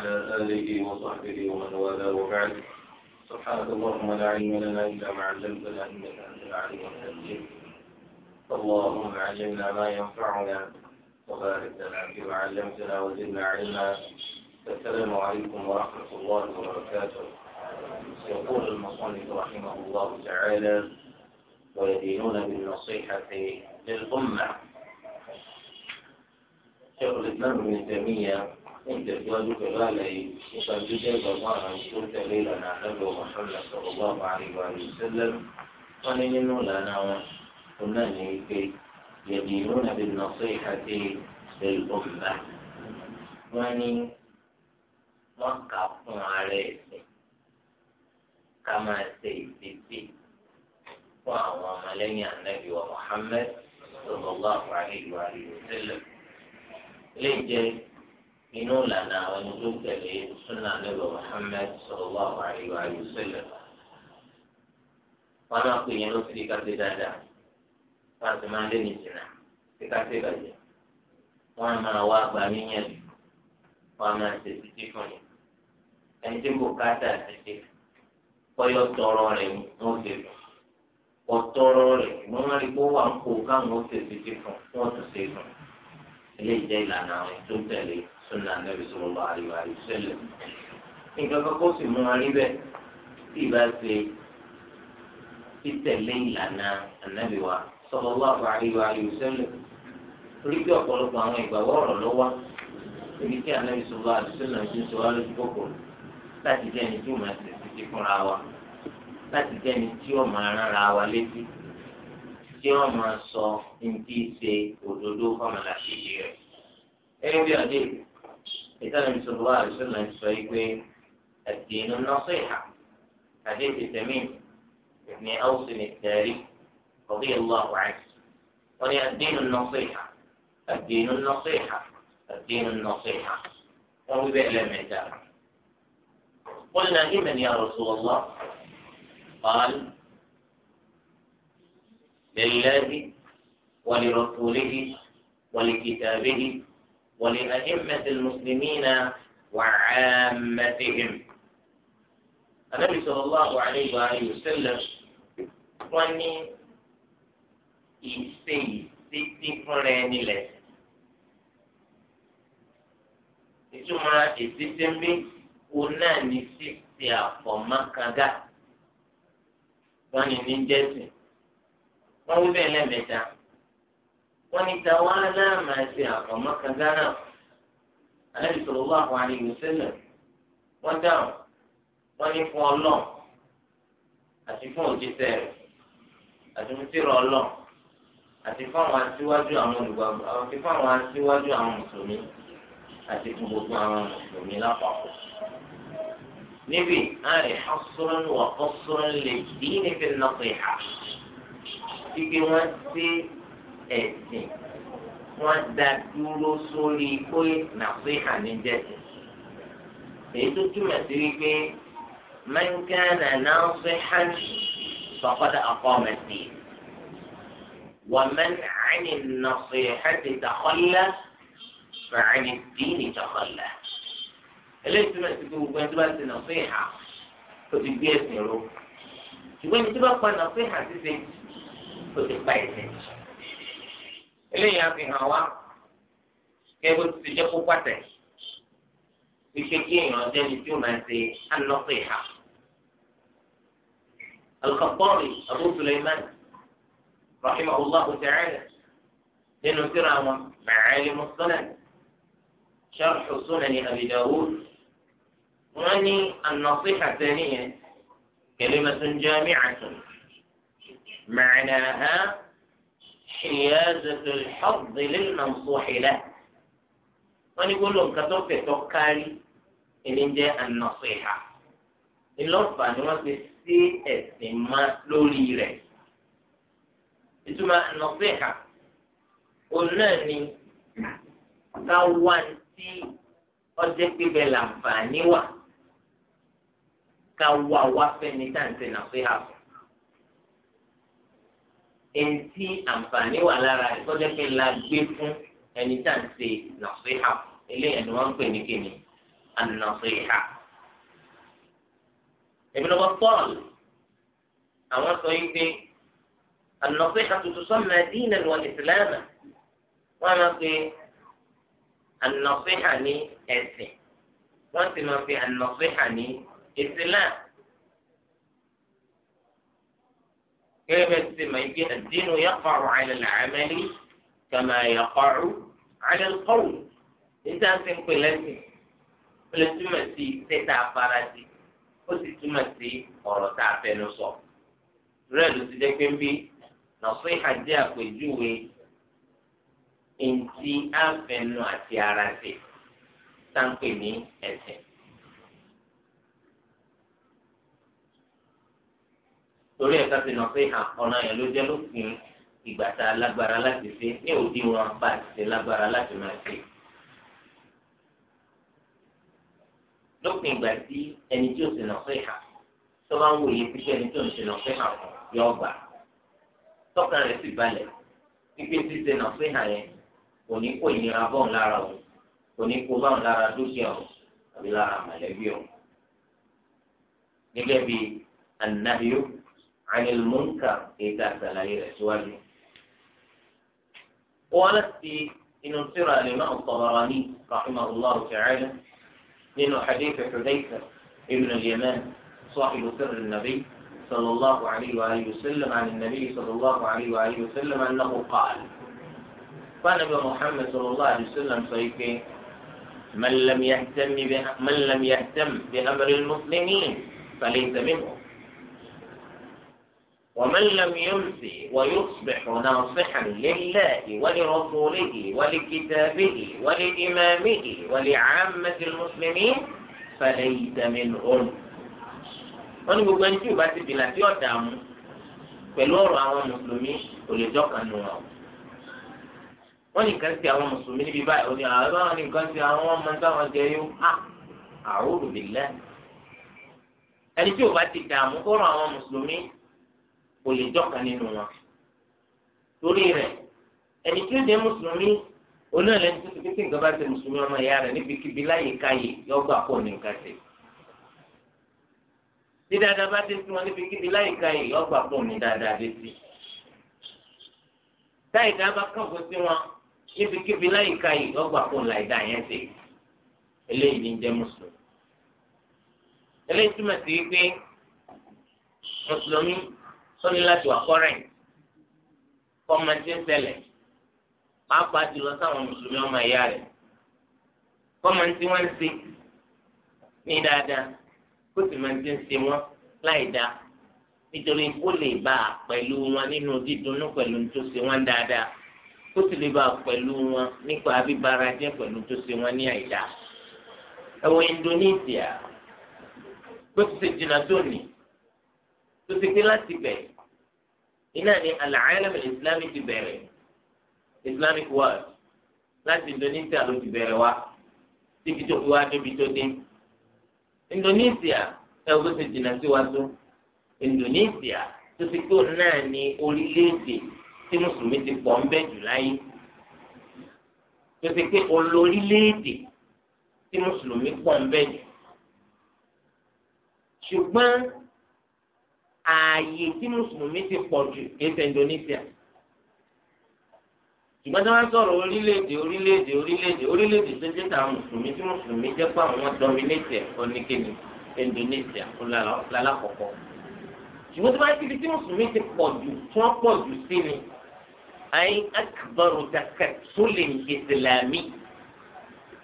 وعلى آله وصحبه ومن والاه وبعد سبحانك اللهم لا علم لنا إلا ما علمتنا إنك أنت العليم الحكيم اللهم علمنا ما ينفعنا وبارك لنا فيما علمتنا وزدنا علما السلام عليكم ورحمة الله وبركاته يقول المصنف رحمه الله تعالى ويدينون بالنصيحة للأمة شيخ الإسلام ابن تيمية نتجوز كبالي فبجد الله شرط ليلنا نبي محمد صلى الله عليه وآله وسلم ونجن لنا قلنا لكي يدينون بالنصيحة للأمة واني وقف عليه كما سيدتي وعوام ọmọlẹ́yìn anabi wa صلى الله عليه wa sallam lè jẹ́ inú lànà àwọn ẹni tó tẹ̀lé súnà nílò Muhammad sallallahu alaihi wa sallam wọn náà pè yẹn ló fi kápẹ́ dáadáa wọn sì máa ń lé ní ìsìnà sí kápẹ́ bàjẹ́ wọn máa wá gba níyẹn wọn máa ṣe títí fún yẹn ẹni tí kò káàtà títí kọyọ tọrọ rẹ wọn fi fún ọtọrọ rẹ wọn máa rí kó wà ń kó káwọn ó fi títí fún wọn tún ṣe fún eléyìí jẹ ìlànà àwọn ẹni tó tẹ̀lé sunna anabi sallallahu alaihi wa sallam nǹkan kan kó sì mú wa níbẹ̀ tí ìbá ṣe títẹ̀lé ìlànà anabi wa sallallahu alaihi wa sallam orí bí ọ̀pọ̀lọpọ̀ àwọn ìgbàwọ́ ọ̀rọ̀ ló wá ibi tí anabi sallallahu alaihi wa sallam ti ń sọ wá lójú kòkòrò láti jẹ́ ẹni tí ó máa ṣe títí fúnra wa láti jẹ́ ẹni tí ó máa rán wa létí tí ó máa sọ ní ti ṣe òdodo fọmọlá ṣíṣe rẹ̀. ẹni bí adé إذا النبي صلى الله عليه وسلم سيقول الدين النصيحة حديث تميم بن أوس التالي رضي الله عنه ولي الدين النصيحة الدين النصيحة الدين النصيحة وهو بئل المثال قلنا لمن يا رسول الله قال لله ولرسوله ولكتابه ولأئمة المسلمين وعامتهم النبي صلى الله عليه وآله وسلم واني إيسي ستي فراني لك ìtumọ̀ èsìsì ń bí òun náà ní sísè àfọ̀mọ́kàgá wọ́n ní ní jẹ́sìn wọ́n wí bẹ́ẹ̀ lẹ́ẹ̀mẹ́ta wọ́n ní tàwa náà máa ṣe àfọ̀mọ́ kan gánà alẹ́ ìṣòro wà fún àlejò sílẹ̀ wọ́n dáhùn wọ́n ní fún ọlọ́ọ̀ àti fún òjíṣẹ́ rẹ̀ àti fún tìrọ̀ ọlọ́ọ̀ àti fún àwọn aṣíwájú àwọn olùgbàgbọ́ àti fún àwọn aṣíwájú àwọn mùsùlùmí àti fún gbogbo àwọn mùsùlùmí lápapọ̀. níbi àrè ọ̀sùnrún wà ọ̀sùnrún lè dín níbi nàpẹ̀ hà. igi wọn ti ẹ̀sìn wọ́n dá dúró sórí pé nàfíhà ní jẹ́sìn. èyí tó túmọ̀ sí wípé mẹ́ńkánà náà fi hàn فقد أقام الدين ومن عن النصيحة تخلى فعن الدين تخلى eléyìí túmọ̀ sí pé gbogbo ẹni tó bá ti nàfíhà tó ti gbé ẹ̀sìn ró ṣùgbọ́n ẹni tó bá pa nàfíhà ti ṣe tó ti pa ẹ̀sìn jù eléyìí á fi hàn wá kébù ti ti jẹ́ kó pàtàkì wípé kí èèyàn ní tí ó máa ṣe ànọ́pẹ̀ ìhà. alkafọ́rì abu suleiman rahimahullah ta'ala nínú síra wọn màcáyé mùsùlùmí sharxu sunani abi dawud wọn ní ànọ́pẹ̀ àtẹnìyẹn kẹlẹ́mẹ̀tún jami'atun màcnàhà. حيازة الحظ للمنصوح له ونقول لهم كتوفي توكالي إن جاء النصيحة الأربعة نمثل sí ẹ̀sìn má lórí rẹ̀. Ìtumọ̀ nasiha òun náà ni ká wá tí ọjọ́ pípẹ́ làǹfààní wà ká wá wá fẹ́ni tá à ń ṣe nasiha fún ẹnití àǹfààní wà lára ìtọ́jú pé la gbé fún ẹni tá à ń ṣe nàṣíhà eléyìí ni wọ́n ń pè ní kíni ànàṣíhà. Ibn Battal àwọn sọ yìí pé ànàṣíhà tuntun sọ́mà dínà wà ìsìlámà wọ́n máa pe ànàṣíhà ní ẹ̀sìn wọ́n sì máa pe ànàṣíhà ní ìsìlámà. gẹ́gẹ́ bẹ́ẹ̀ ti mọ̀ ike ad-dinu yaqa'u 'ala al-'amali kama yaqa'u 'ala al-qawl níta ti ń pè lẹ́sìn ó lè túmọ̀ sí tẹ́tà afárasí ó sì túmọ̀ sí ọ̀rọ̀ tá a fẹnu sọ. rẹ̀ ló ti jẹ́ pé ń bí nasiha jẹ́ àpèjúwe ntí àfẹnu àti ara ṣe tá ń pè ní ẹ̀sìn. torí ẹ̀ka ti nà pé ah, ọ̀nà yẹn ló jẹ́ lófin ìgbà tá a lágbára láti ṣe ní òdi wọn bá a ṣe lágbára láti máa ṣe. lópin ìgbà tí ẹni tí ó sì nà pé hà tó bá ń wòye pípé ẹni tó ń ṣe nà pé hà fún yọ ọgbà tọkàn rẹ̀ sì balẹ̀ pípé ṣíṣe nà pé hà yẹn kò ní kó ìnira bọ́ọ̀ lára o kò ní kó báwọn lára dúkìá o àbí lára mọ̀lẹ́bí o. gẹ́gẹ́ bí anahiyo. عن المنكر èyí tá a salaye إن rẹ̀ الإمام الطبراني رحمه الله تعالى من حديث حذيفة ta'ala اليمان صاحب سر النبي صلى الله عليه وآله وسلم عن النبي صلى الله عليه وآله وسلم أنه قال فنبي محمد صلى الله عليه وسلم صيفه من لم يهتم من لم يهتم بأمر المسلمين فليس منهم ومن لم يمسي ويصبح ناصحا لله ولرسوله ولكتابه ولإمامه ولعامة المسلمين فليس منهم wọ́n ní gbogbo ẹni tí ó bá ti bìlà tí ọ̀dà mu pẹ̀lú ọ̀rọ̀ àwọn mùsùlùmí kò lè jọ́kàn nù wọn. wọ́n ní nǹkan ti àwọn mùsùlùmí níbi báyìí ó ní àwọn nǹkan ti àwọn ọmọ táwọn jẹ yó á àrùn òbí ẹni tí ó bá ti dààmú kó ràn àwọn mùsùlùmí kò lè jọ́ka nínú wọn. torí rẹ̀ ẹni tí ó jẹ́ mùsùlùmí oní ẹ̀lẹ́ni tó ti pété nǹkan bá ṣe mùsùlùmí ọmọ ìyá rẹ̀ níbikíbi láyè káyè yọ gbà pọ̀ ní nǹkan ṣe. tí dáadáa bá dé sí wọn níbikíbi láyè káyè yọ gbà pọ̀ ní dáadáa dé sí. táyì dáa bá kàn fún sí wọn níbikíbi láyè káyè yọ gbà pọ̀ láì dá yẹn ṣe. eléyìí ni jẹ́ mùsùlùmí. eléyìí túmọ̀ sí pé mùsùlùmí sọ́ni láti wà kọ́rẹ́ǹt kọ́mọ̀tì ń ṣẹlẹ̀ máa pa jùlọ sáwọn mùsùlùmí ọmọ ìyá rẹ̀ kọ́mọ̀tì wọ́n ń ṣe ní dáadáa kó sì máa ti ń ṣe wọ́n láì dáa nítorí kó lè bá a pẹ̀lú wọn nínú dídùnnú pẹ̀lú tó ṣe wọ́n dáadáa kó sì lè bá a pẹ̀lú wọn nípa bíbára jẹ́ pẹ̀lú tó ṣe wọ́n ní àìdáa. ẹ̀wọ̀n Indonesia bó ti ṣe jìnnà tó nìí tó ti pé láti bẹ̀ iná ni al-alam al-islami ti bẹ̀rẹ̀ islamic world láti Indonesia ló ti bẹ̀rẹ̀ wá síbi tó fi wá débi tó dé Indonesia ẹ o tó ti jìnnà sí wa tó Indonesia tó ti pé òun náà ni orílẹ̀-èdè tí mùsùlùmí ti pọ̀ ń bẹ̀ jù láyé tó olórílẹ̀-èdè tí mùsùlùmí pọ̀ ń bẹ̀ jù ṣùgbọ́n ààyè tí mùsùlùmí ti pọ̀ jù kéṣe Indonesia ṣùgbọ́n tí wọ́n sọ̀rọ̀ orílẹ̀-èdè orílẹ̀-èdè orílẹ̀-èdè orílẹ̀-èdè tó jẹ́ tàwọn mùsùlùmí tí mùsùlùmí jẹ́ pé àwọn dominate oníkéni Indonesia lálàkọ̀kọ́ ṣùgbọ́n tí wọ́n ti di tí mùsùlùmí ti pọ̀ jù tí wọ́n pọ̀ jù sí ni ayé akbaru takatulin islami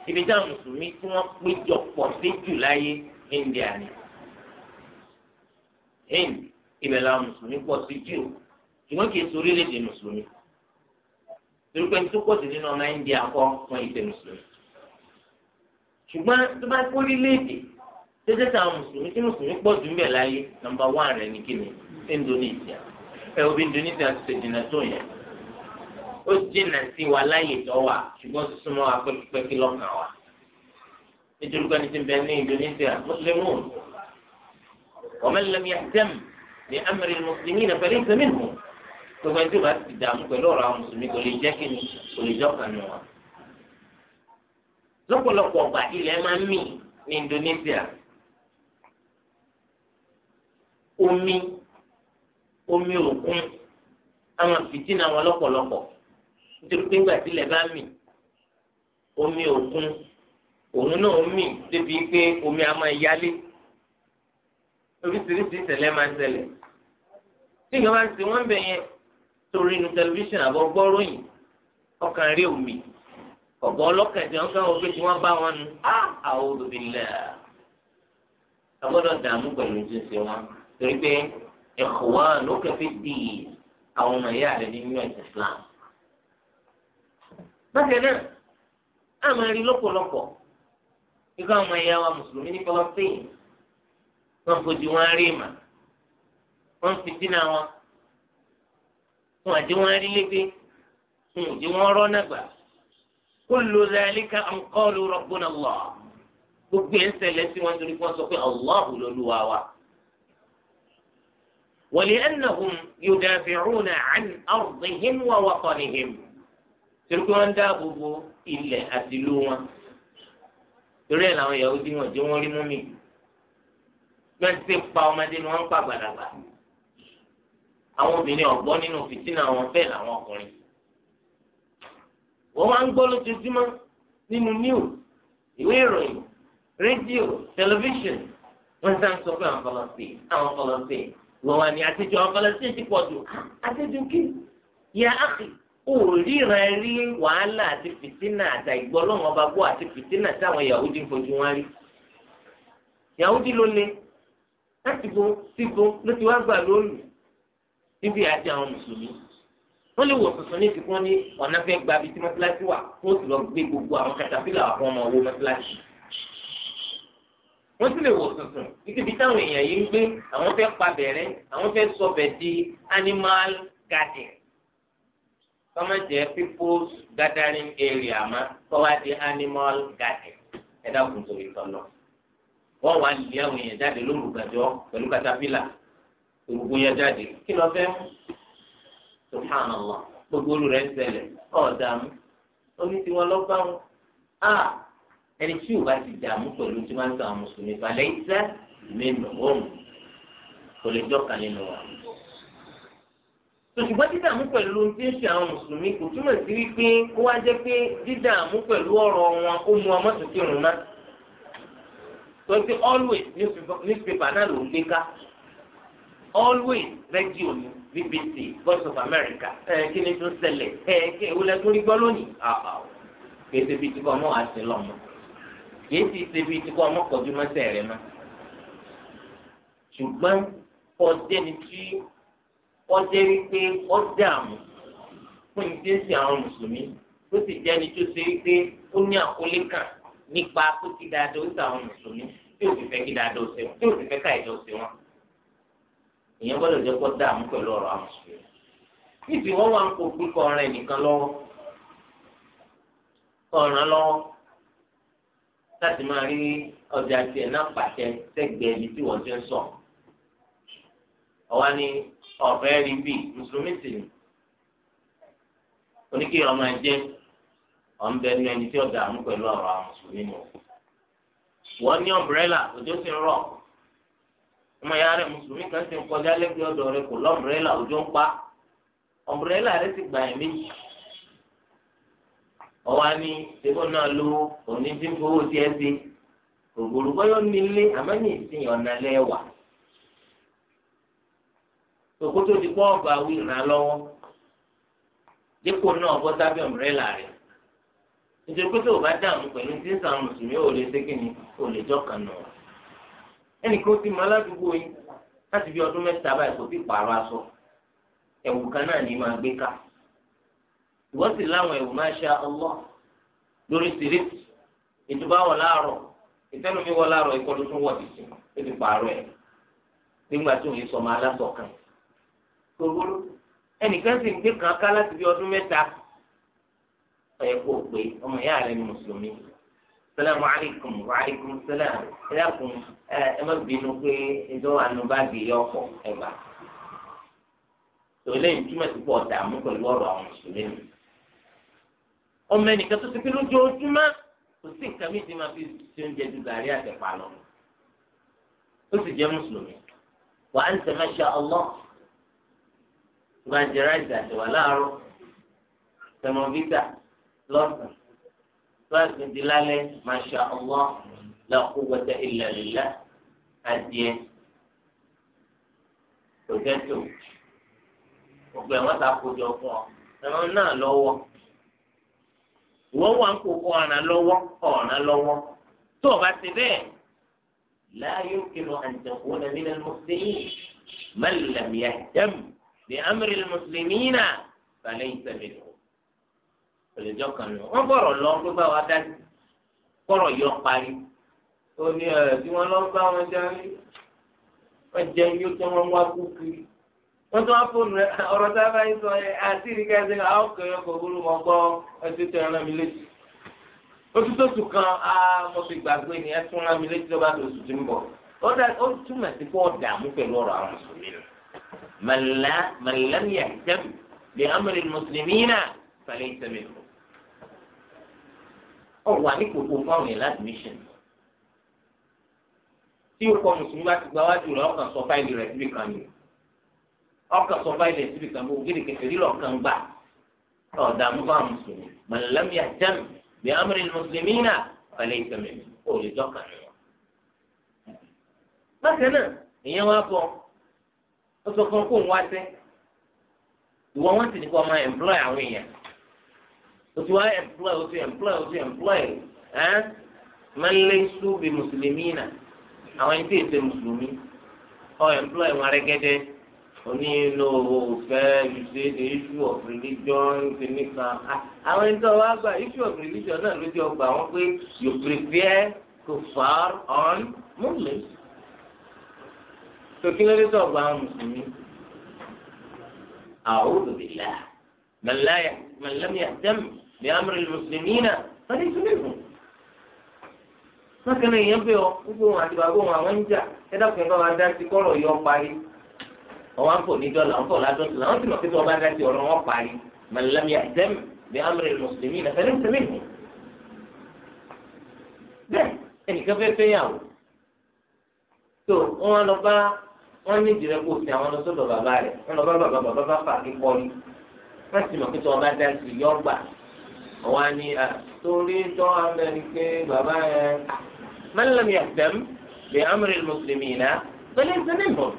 ibi táwọn mùsùlùmí tí wọ́n péjọ pọ̀ sí jù láyé India ni. India ibẹ̀ làwọn mùsùlùmí pọ̀ sí jù ṣùgbọ́n kì í sọ orílẹ̀-èdè mùsùlùmí torí pé tó pọ̀ sí nínú ọmọ India kọ́ wọn ìṣe mùsùlùmí ṣùgbọ́n tó bá kó orílẹ̀-èdè tó jẹ́ tàwọn mùsùlùmí tí mùsùlùmí pọ̀ jù ń láyé nọ́mbà wán rẹ̀ ní kíni Indonesia ẹ obi Indonesia ti ṣèjìnà tó yẹn ó jìnà sí wa láyè tó wà ṣùgbọ́n súnmọ́ wa pẹ́kípẹ́kí lọ́kàn wa nítorí pé ní ti bẹ Indonesia mùsùlùmí ومن لم ní amẹrẹ mùsùlùmí náà pẹ̀lú ìsẹmí nù gbogbo ẹni tí wọ́n ti dààmú pẹ̀lú ọ̀rọ̀ àwọn mùsùlùmí kò lè jẹ́ kí ni kò lè jọ kàn wọn. lọ́pọ̀lọpọ̀ ọgbà ilẹ̀ máa ń mì ní Indonesia omi omi òkun àwọn fìtínà wọn lọ́pọ̀lọpọ̀ nítorí pé ńgbà tí ilẹ̀ bá mì omi òkun òun náà mì débi pé omi a máa yálé oríṣiríṣi ìṣẹ̀lẹ̀ máa ń ṣẹlẹ̀ tí ìjọba ń ṣe wọ́n bẹ̀ yẹn torí inú tẹlifíṣàn àbọ̀ gbọ́ròyìn ọkàn rí omi ọ̀gọ́ ọlọ́kàn tí wọ́n káwọn pé tí wọ́n bá wọn nu àwọn olùbílẹ̀ àgbọ́dọ̀ dààmú pẹ̀lú ojú ṣe wọn torí pé ẹ̀kọ́ wa ló kẹfẹ́ di àwọn ọmọ ìyá rẹ̀ nínú ẹ̀sìn Islam. bákan náà àmọ́ rí lọ́pọ̀lọpọ̀ ikú àwọn ọmọ ìyá wa mùsùlùmí ní Palestine wọ́n fojú wọn rí ìmà wọ́n fi dínà wọn wọ́n àdé wọn rí lébi wọ́n àdé wọn rọ́ nàgbà kullu zalika an qalu rabbuna Allah gbogbo ẹ̀ ń sí wọn torí wọ́n sọ pé Allahu lolúwa wa. ولأنهم يدافعون عن أرضهم ووطنهم تركون pé إلا ń dáàbò bo ilẹ̀ àti ìlú ló ń ṣe pa ọmọdé ni wọ́n ń pa gbàdàgbà àwọn obìnrin ọ̀gbọ́n nínú fìtínà àwọn bẹ́ẹ̀ làwọn ọkùnrin wọ́n máa ń gbọ́ lójoojúmọ́ nínú níwò ìwé ìròyìn rédíò tẹlifíṣàn wọ́n sá ń sọ pé àwọn fọlọ́sìn àwọn fọlọ́sìn wọ́n wà ní àtijọ́ àwọn fọlọ́sìn ti pọ̀ jù àtijọ́ kí yà á kì ó ríran rí wàhálà àti fìtínà àti ìgbọ́lọ́wọ́n bá gbọ́ àti fìtínà táwọn Yahudi fojú wọn rí Yahudi ló lé láti bo síbo ló ti wá gbà lóòlù níbi àti àwọn mùsùlùmí wọ́n lè wọ̀ tuntun ní ìfikún ní ọ̀nà fẹ́ gba ibi tí mọ́tíláṣí wà fún òsì lọ gbé gbogbo àwọn katapila àwọn ọmọ owó mọ́tíláṣí. wọ́n sì lè wọ̀ tuntun níbi táwọn èèyàn yìí ń gbé àwọn fẹ́ pa bẹ̀rẹ̀ àwọn fẹ́ sọ bẹ̀ di animal garden. kọ́mọ̀jẹ́ people's gathering area ma kọ́ wá di animal garden ẹ̀dá òkùnkùn ìtọ́nà wọ́n wá lé àwọn èèyàn jáde lórúkàjọ́ pẹ̀lú katapila ògùn yẹn jáde kí lọ fẹ́ mú subhanallah gbogbo olùrẹ̀ ń ṣẹlẹ̀ ọ̀dààmú omi tí wọ́n lọ bá wọn a ẹni tí ò bá ti dààmú pẹ̀lú tí wọ́n ń mùsùlùmí balẹ̀ iṣẹ́ mi nù wọ́n kò lè jọ́ kan nínú wa. òṣùgbọ́n dídààmú pẹ̀lú ohun tí ń ṣe àwọn mùsùlùmí kò túmọ̀ sí wípé ó wá jẹ́ pé dídààmú pẹ̀lú ọ̀rọ̀ wọn ó mu ọmọ tuntun rùn náà torí pé always newspaper náà ló ń gbé ká always radio ni BBC Voice of America ẹ kí ni tó ṣẹlẹ̀ ẹ kí ìwúlẹ̀ tó rí gbọ́ lónìí àbà o kì í ṣe bíi tikọ̀ ọmọ àti lọ́mọ kì í sì ṣe bíi tikọ̀ ọmọ kọjú mọ́sẹ̀ rẹ mọ́ ṣùgbọ́n kọjá ni tí kọjá rí pé ọjà àmú fún ìdí sí àwọn mùsùlùmí ó sì jẹ́ ni tó ṣe rí pé ó ní àkólé kan nípa kó ti dáadọ́ ó sàwọn mùsùlùmí tí ò fi fẹ́ kí dáadọ́ ó ṣe wọn tí ò fi fẹ́ ká ìjọ ṣe wọn. ìyẹn gbọ́dọ̀ jẹ́ kó dààmú pẹ̀lú ọ̀rọ̀ àwọn mùsùlùmí. níbi wọ́n wà ń kó gbígbọ́ ọ̀rẹ́ nìkan lọ́wọ́ ọ̀ràn lọ́wọ́ láti máa rí ọjà tiẹ̀ náà pàṣẹ sẹ́gbẹ̀ẹ́ ibi tí wọ́n ti ń sọ. ọ̀wá ni ọ̀fẹ́ rí bíi mùsùlùmí sì ni oníkèèrè ọmọ ẹ̀jẹ̀ ọ̀n bẹ ní ẹni tí ó dààmú pẹ̀lú ọ̀rọ̀ àwọn mùsùlùmí mọ̀. wọ́n ní ọ̀mbrẹ́là òjò sì ń rọ̀ ọmọ ya rẹ̀ mùsùlùmí kan sì ń kọjá lẹ́gbẹ̀ẹ́ ọ̀dọ̀ rẹ̀ kò lọ́mbrẹ́là òjò ń pa ọ̀mbrẹ́là rẹ̀ ti gbà ẹ̀mí. ọ̀wá ni ṣébó náà ló òní tí ń fowó tiẹ̀ sí ògbòrò bọ́yọ̀ nílé àmọ́ ìsìn ọ̀nà lẹ́wà òkú tó ti pọ́ ọ̀gbà wí ìrànlọ́wọ́ dípò náà bọ́ sábẹ́ ọ̀mbrẹ́là rẹ̀ nítorí pé tó o bá dààmú pẹ̀lú tí ń sàn mùsùlùmí ò lè ṣe kí ni ò lè jọ́kàn nù. ẹnì kan ti mọ aládùúgbò yín láti bí ọdún mẹ́ta báyìí kò sí pààrọ̀ aṣọ ẹ̀wù kan náà ní máa gbé ká ìwọ́n sì láwọn ẹ̀wù masha Allah lórí tìrìtì ìtúbà wọ̀ láàárọ̀ ìfẹ́numi wọ̀ láàárọ̀ ìkọlù tún wọ̀ títì ó ti pààrọ̀ ẹ̀ nígbà tí òun yìí sọ ọmọ alásọ̀kan. kòkòrò ẹnìkan sì ń gbé kàn ẹ kó pé ọmọ ìyá rẹ ni salamu alaykum wa alaykum salam ẹ dákun ẹ ẹ má bínú pé ẹjọ́ ànúbàgì yọ ọkọ̀ ẹ bá tòlẹ́ ìtumọ̀ ti pọ̀ dààmú pẹ̀lú ọ̀rọ̀ àwọn mùsùlùmí ni ọmọ ẹnìkan tó ti kò sí nǹkan mi ti máa fi ṣe oúnjẹ ju gàrí àtẹ̀pà lọ ó sì lọ́sàn láti di lálẹ́ masha allah la quwwata illa lillah adìẹ pòtẹ́tò gbogbo ẹ̀ wọ́n ta kojọ fún ọ ẹ̀rọ náà lọ́wọ́ ìwọ́n wà ń kókó ọ̀ràn lọ́wọ́ ọ̀ràn lọ́wọ́ tó o bá ti bẹ́ẹ̀ la yumkinu an takuna min al-muslimin man lam yahtam bi amri al-muslimina falaysa minhum. òlèjọ́ kan lọ wọ́n bọ̀rọ̀ lọ pé báwa dá sí kọ́rọ̀ yọ parí ó ní ẹ̀ tí wọ́n lọ bá wọn jáde wọ́n jẹ́ yóò tí wọ́n wá kú kiri wọ́n tún wá fóònù rẹ ọ̀rọ̀ tá a bá yín sọ ẹ àti ìrìkà ẹsẹ̀ àwọn ọkùnrin kò burú mọ́ gbọ́ ẹtú tẹ ẹran mi létí otutotu kan a mo fi gbàgbé ni ẹ tún ẹran mi létí lọ́ba tó tutù ń bọ̀ ó túmọ̀ sí pé dààmú pẹ̀lú ọ̀rọ̀ àwọn mùsùlùmí nù màlá màlá mi àjẹm bí amúlẹ̀ mùsùlùmí náà fàlẹ́ ìsẹ̀mẹ̀ ọ̀wà ní kòkó fáwọn yẹn láti mission tí o kọ mùsùlùmí bá ti gba wájú rẹ ọkàn sọ fáìlì rẹ síbi kan yìí ọkàn sọ fáìlì rẹ síbi kan bó gidi kẹfìrí lọkàn gbà ọ̀dààmú fáwọn mùsùlùmí màlámì àjẹm bí amúrí mùsùlùmí náà fẹlẹ́ ìsẹ̀mẹ̀ ó lè jọ́kàn ní wọn. bákan náà ìyẹn wá bọ̀ ó sọ fún kó ń wá sẹ́ ìwọ wọn sì ní kó máa employ àwọn èèyàn o ti wá employ o ti employ o ti employ ẹ́ máa ń lé súbì mùsùlùmí nà àwọn ẹni tí èsè mùsùlùmí ọ employ wọn rẹ́gẹ́dẹ́ oní inú òfẹ́ ìṣe the issue of religion ti nìkan àwọn ẹni tó wá gba issue of religion náà ló jẹ́ ọgbà wọn pé you prepare to far on muslims tòkí lórí tó ọgbà àwọn mùsùlùmí a'udhu billah man lam yahtam bí amúre mùsùlùmí náà wọ́n ti túlẹ̀ fún. lọ́kàn èèyàn bẹ̀ ọ́ gbogbo wọn àti bàbá wọn àwọn ń jà ẹ dákun ẹ bá wa dá sí kọ́rọ̀ yọ parí. ọwọ́ àpò ní dọ́là wọn kọ̀ ládọ́tún làwọn ti mọ̀ pé tí wọ́n bá dá sí ọ̀rọ̀ wọn parí màlámi àdẹ́m bí amúre mùsùlùmí náà fẹ́rẹ́ tẹ̀lé fún. bẹ́ẹ̀ ẹnìkan fẹ́ fẹ́ yàwó tó wọn lọ bá wọn ní ìdìrẹ́ kó sin àwọn lọ́sọ̀dọ̀ bàbá rẹ̀ wọn lọ bá bàbá bàbá bá fà kí pọ́lí wọn sì mọ̀ pé tí wọ́n bá dá sí yọ gbà àwọn àni à torí tọ́ abẹ́ni pé bàbá yẹn man lam yahtam bi amri al-muslimina falaysa minhum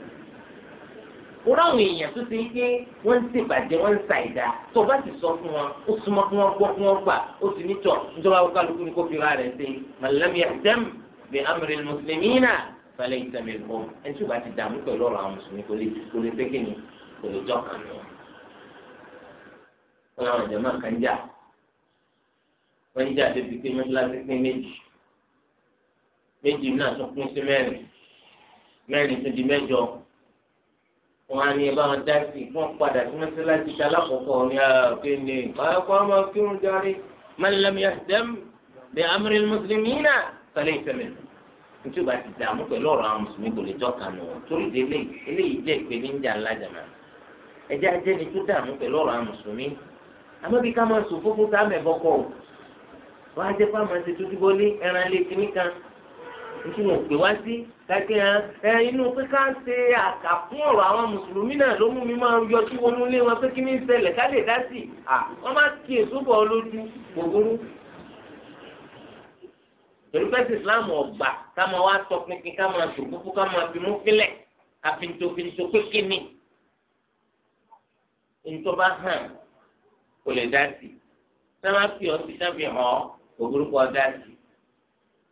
wúrọ̀ àwọn èèyàn tó ti ń gbé wọ́n ń ṣèbàjẹ́ wọ́n ń sa ìdá tó bá ti sọ fún wọn ó súnmọ́ fún wọn gbọ́ fún wọn gbà ó sì ní tọ̀ níjọba kálukú ni kò fi ra rẹ̀ ṣe man lam yahtam bi amri al-muslimina falaysa minhum ẹni tó bá ti dààmú pẹ̀lú ọ̀rọ̀ àwọn mùsùlùmí wọ́n ń jáde bíi pé mọ́tíláṣí pín méjì méjì náà tún pín sí mẹ́rin mẹ́rin tún di mẹ́jọ wọn á ní ẹ bá wọn dá sí i wọn padà sí mọ́tíláṣí ti alákọ̀ọ́kọ́ ní ààfin ní ìpàkọ́ ọmọ kí wọn jáde mọ́tíláṣí yàtẹ̀m bí amúrí mùsùlùmí náà sọlẹ̀ ìfẹ̀mẹ̀ nítorí bá ti dààmú pẹ̀lú ọ̀rọ̀ àwọn mùsùlùmí kò lè tọ́ka nù torí délé wọ́n á jẹ́ fáwọn àti tuntun bọ́lé ẹran lè fi níkan nítorí wọn pè wá sí kàkẹ́ ẹ inú pé ká ń ṣe àkàfún ọ̀rọ̀ àwọn mùsùlùmí náà ló mú mi máa yọ sí wọnú ilé wọn pé kí ní ṣẹlẹ̀ ká lè dá sí i wọ́n má kí èso bọ̀ lójú gbogbo pẹ̀lú pẹ́sì islam ọ̀gbà ká máa wá tọ pinpin ká máa tò kúkú ká máa fi mú fílẹ̀ àfintòfintò kékeré ni ntọ́ba hàn kò lè dá sí i sábà fi ọ́ sábì hàn ọ́ òwúrúkọ ọdá sí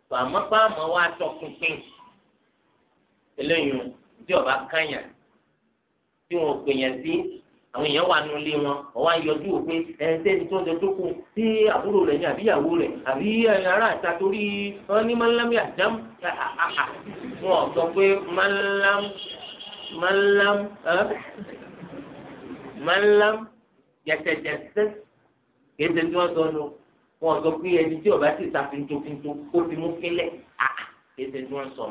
pàmò pàmò wa tọ pinpin eléyìí tí ọba kányà tí wọn ò pèyàn sí àwọn èèyàn wà nulí wọn ọwọ ayọjú òpin ẹni tẹni tó ń dọdún kù sí àbúrò rẹ ní àbíyàwó rẹ àbí ará àta torí wọn ní mọlámì àjám wọn sọ pé mọlám mọlám mọlám jẹsẹjẹsẹ kéde tí wọn sọ nù wọn sọ pé ẹni tí ọba ti sa fintofinto ó ti mú fílẹ̀ àà ah, kéde tí wọ́n sọ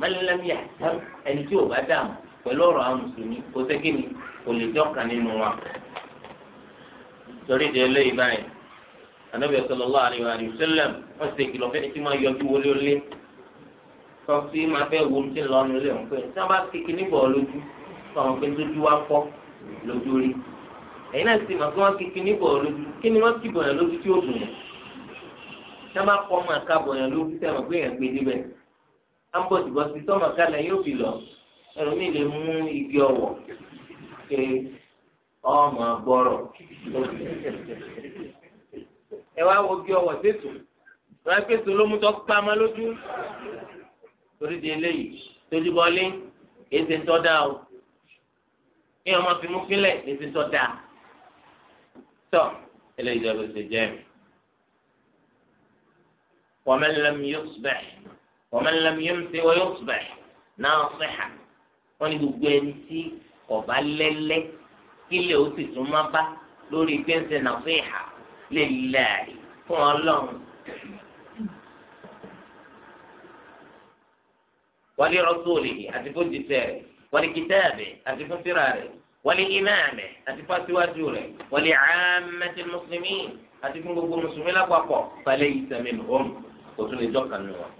mẹlẹ́lẹ́mí àtàm ẹni tí ọba dààmú pẹ̀lú ọ̀rọ̀ àwọn mùsùlùmí kò sẹ́kì ni kò lè jọ́ka nínú wa. torí ìdí ẹlẹ́yìí báyìí Ànábì sallallahu alaihi wa sallam wọ́n ti kìlọ̀ fẹ́ni tí wọ́n yọjú wọlé ọlé sọ sí máa fẹ́ wo ti lọ́nu lé wọn pé tí wọ́n bá kékeré bọ̀ lójú fún àwọn pé lójú wa kọ́ lójú rí ẹ̀yin náà sì mọ̀ kí wọ́n kíkí níbọ̀ lójú kí ni wọ́n kíbọ̀ yẹn lójú tí ó dùn yẹn tí wọ́n bá kọ́ ọmọ àkàbọ̀ yẹn lójú tí wọ́n gbé yẹn gbé níbẹ̀ á ń bọ̀ tìbọ̀ sí sọ́mọ kálẹ̀ yóò fi lọ ẹlòmíì lè mú igi ọ̀wọ̀ ṣe ọmọ gbọ́rọ̀ ẹ wá wo igi ọ̀wọ̀ sètò wọ́n á pèsè olómùtọ́ pamọ́ lójú torí di eléyìí tójú bọ́lé èsì ń tọ́ da o kí ọmọ fi mú sílẹ̀ èsì ń tọ́ da tọ́ eléyìí ló ṣe jẹ́ mi. ومن لم يصبح ومن لم يمسي ويصبح ناصحا wọ́n ní gbogbo ẹni tí ọba lẹ́lẹ́ kílẹ̀ ó sì tún má bá lórí gbẹ́nsẹ̀ nàfíhà lè láàyè fún ọlọ́run. wálé rọ́sọ̀lì àti fún jìtẹ̀ rẹ̀ wálé kìtẹ́ àti fún tírà rẹ̀ wọlé imáàmẹ àti fásiwájú rẹ wọlé àmẹtẹ mùsùlùmí àti fún gbogbo mùsùlùmí lápapọ̀ falẹ̀ ìsẹ̀mí nìhóm kò tún lè jọ́ka nù wọn.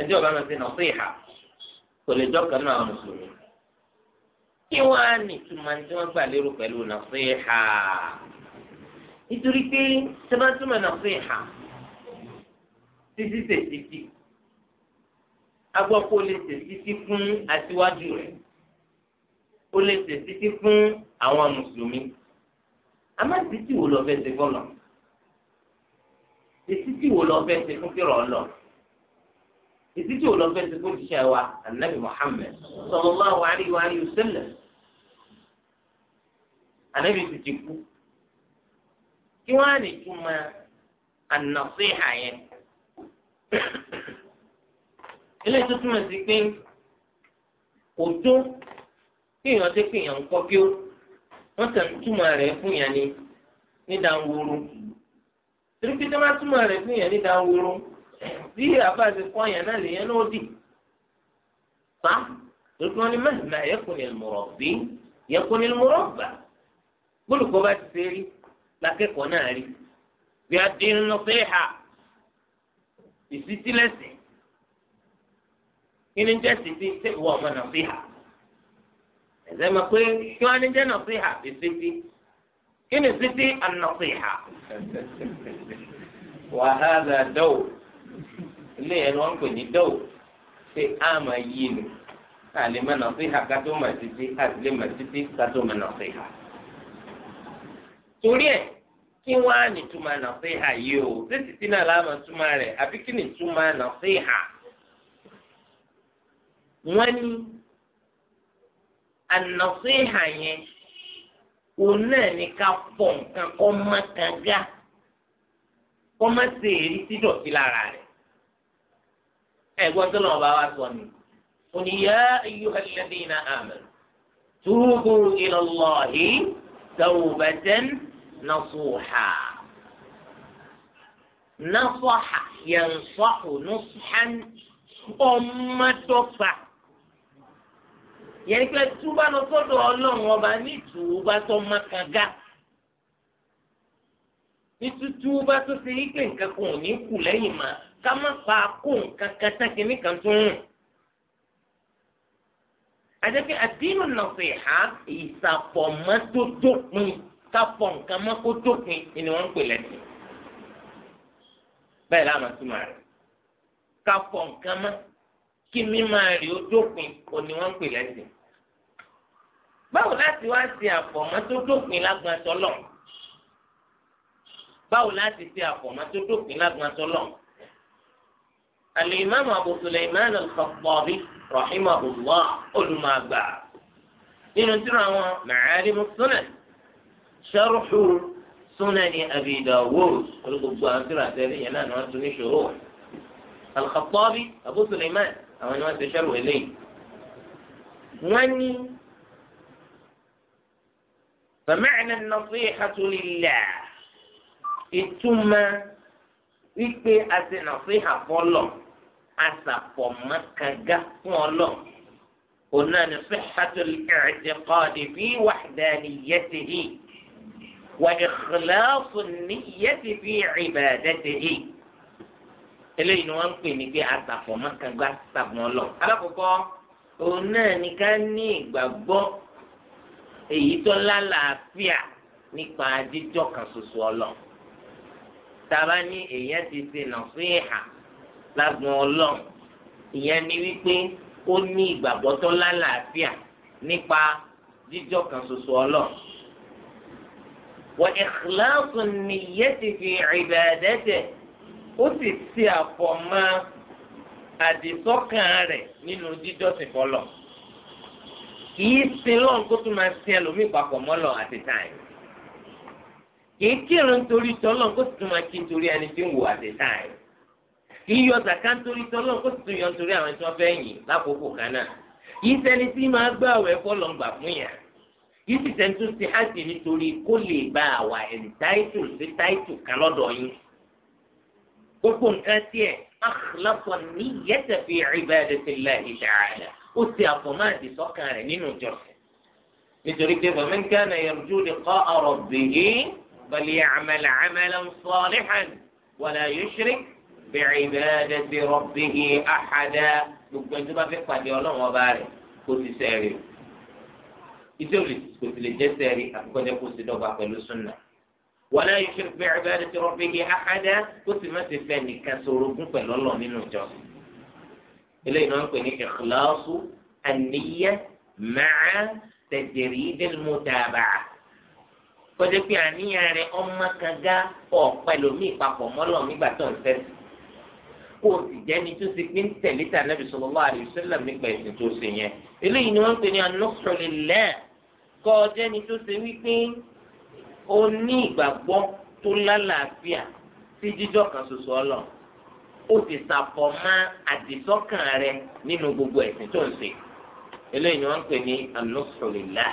ẹjọ́ bá wọn ti nà sí ìhà kò lè jọ́ka nù àwọn mùsùlùmí. kí wọ́n á ní ìtumọ̀ tí wọ́n gbà lérò pẹ̀lú nà sí ìhà. nítorí pé sábàtúmọ̀ nà sí ìhà títí tètè sí. agbọ́kọ̀ lè tètè sí fún aṣíwájú rẹ̀ ó lè ṣe títí fún àwọn mùsùlùmí àmọ́ títí wo lọ fẹ́ ṣe fọlọ títí wo lọ fẹ́ ṣe fún kírọ ọlọ títí wo lọ fẹ́ ṣe fún jíṣẹ́ wa anabi muhammed sallallahu alaihi wa alihi wasallam anabi ti ti kú kí wọn á lè túmọ̀ ànàfíhà yẹn ilé tó túmọ̀ sí pé òjò kí èèyàn ṣe pé èèyàn ń kọ́ kí ó wọ́n tẹ̀ túmọ̀ rẹ̀ fún yẹn ni ní dáńwóró torí pé tẹ́lá túmọ̀ rẹ̀ fún yẹn ní dáńwóró bí àbáṣe kọ́ yẹn náà lèyẹn náà dì sá torí pé wọ́n ní mẹ́sìmá yẹ́kùn ní mọ̀rọ̀ bí yẹ́kùn ní mọ̀rọ̀ bà gbólùkọ́ bá ti ṣe rí lákẹ́kọ̀ọ́ náà rí bí a dín ní nasiha ìsítílẹ̀sìn kí ni jẹ́ sí ti ṣé ìwọ ọmọ nasiha ẹ̀sẹ̀ mọ̀ pé kí wọ́n á ní jẹ́ nọ̀síhà bí sítí kí ni sítí ànọ̀síhà. wàhálà dọ́wò ilé yẹn wọ́n ń pè ní dọ́wò ṣé á máa yí ni ká lè má nọ̀síhà ká tó má títí ká lè má títí ká tó nọ̀síhà. torí ẹ̀ kí wọ́n á ní túmọ̀ nọ̀síhà yìí o ṣé títí náà láàmú túmọ̀ rẹ̀ àbí kí ni túmọ̀ nọ̀síhà. wọ́n ní. ànàsíhà yẹn òun náà ní ká fọ nǹkan kọ́ má kanga kọ́ má ṣe èrí sí dọ̀tí lára rẹ̀ ẹ̀gbọ́n tó lọ́wọ́ bá wa sọ ni ka fo nnkan ko ma kanga ko se eri si doti yá ayyuha alladhina amanu tubu ila Allahi tawbatan nasuha nasuha yansahu nushan ọmọdọ́fà. yẹn pé túbà lọ sọ́dọ̀ ọlọ́run ọba ní ìtùbà tó má kanga ní túbà tó ṣe yí pé nǹkan kan ò ní kù lẹ́yìn mà ká má fa kó nǹkan kan sáké nìkan tó rùn. àdẹ́pẹ́ àdínú nàṣíhà ìsàfọ̀mọ́ tó dópin ni wọ́n ń pè lẹ́sìn. bẹ́ẹ̀ láwọn túmọ̀ rẹ̀ káfọ̀ nǹkan kí mímá rè ó dópin òní wọ́n ń pè lẹ́sìn. báwo láti wá ṣe àfọ̀mọ́ tó dópin lágbọ́n tọ́lọ̀ báwo láti ṣe àfọ̀mọ́ tó dópin lágbọ́n tọ́lọ̀. الإمام أبو سليمان الخطابي رحمه الله علماء بعض من معالم السنن شرح سنن أبي داوود رضي الله عنه الخطابي أبو سليمان أو انا أنه أستشار إليه مني فمعنى النصيحة لله ثم إيكي أس نصيحة فولو أسا فمك فولو قلنا نصحة الاعتقاد في وحدانيته وإخلاص النية في عبادته eléyìí ni wọ́n ń pè ní pé àgbàfọ̀mọ́kàgbà sàgbọ́n lọ. alákòókò òun náà ni ká ní ìgbàgbọ́ èyí tó lálàáfíà nípa jíjọ́ kan ṣoṣo ọlọ́run tàbá ní èyàn ti ṣe nàṣíhà lágbọn ọlọ́run ìyẹn ni wípé ó ní ìgbàgbọ́ tó lálàáfíà nípa jíjọ́ kan ṣoṣo ọlọ́run. wa ikhlasun niyyati fi ibadatihi ó sì ti àfọ̀mọ́ àdìsọ́kàn rẹ̀ nínú dídọ́sìn bọ́lọ̀ kìí sin lọ́n kó tún máa sin ẹlòmíì papọ̀ mọ́lọ̀ àti táìm kìí kírun torí tọ́lọ́n kó tún máa kí torí ẹni tí ń wò àti táìm kìí yọ zàká torí tọ́lọ́n kó tún yọ torí àwọn tí wọ́n fẹ́ yìn lákòókò kan náà kìí sẹni tí máa gbé àwẹ̀ fọ́lọ́ gbà fún yàn kìí sì sẹni tó ti hàjì nítorí kó lè gba àwà ẹ̀ táìtù sí táìtù kan lọ́dọ̀ yín gbogbo nǹkan tiẹ̀ akhlasa niyyata fi ibadatillahi ta'ala ó ti àfọ̀mọ́ àdìsọ́kàn rẹ̀ nínú ìjọsìn nítorí pé faman kana yarju liqa'a rabbihi falya'mal 'amalan salihan wala yushrik bi'ibadati rabbihi ahada gbogbo ẹni tó bá fẹ́ pàdé ọlọ́run ọba rẹ̀ kó ti sẹ́ẹ̀rì ìṣòro kò sì lè jẹ́ sẹ́ẹ̀rì àkọ́jọ́ kó sì dọ́gba pẹ̀lú sunnah. ولا يشرك بعبادة rabbih أحدا، kó sì má ti fẹ́ nìkan sorogún pẹ̀lú ọlọ́ nínú النية مع تجريد المتابعة. pè ní ikhlasu an-niyya ma'a tajridil mutaba'ah kọjá pé àníyàn rẹ ọmọ kanga ọ̀pẹ lómi ìpapọ̀ mọ́lọ̀ nígbà tó ń fẹ́ kó o sì jẹ́ ní tó ti pín tẹ̀lé tà Nabi sallallahu alaihi wasallam nípa ẹ̀sìn tó ṣe yẹn eléyìí ni wọ́n ń pè ní an-nusru kọjá ní tó ṣe wípé ó ní ìgbàgbọ́ tó lálàáfíà sí jíjọ́ kan ṣoṣo ọlọ́run ó ti sàpọ̀ mọ́ àdìsọ́kàn rẹ nínú gbogbo ẹ̀sìn tó ń ṣe eléyìí ni wọ́n ń pè ní anusrìlá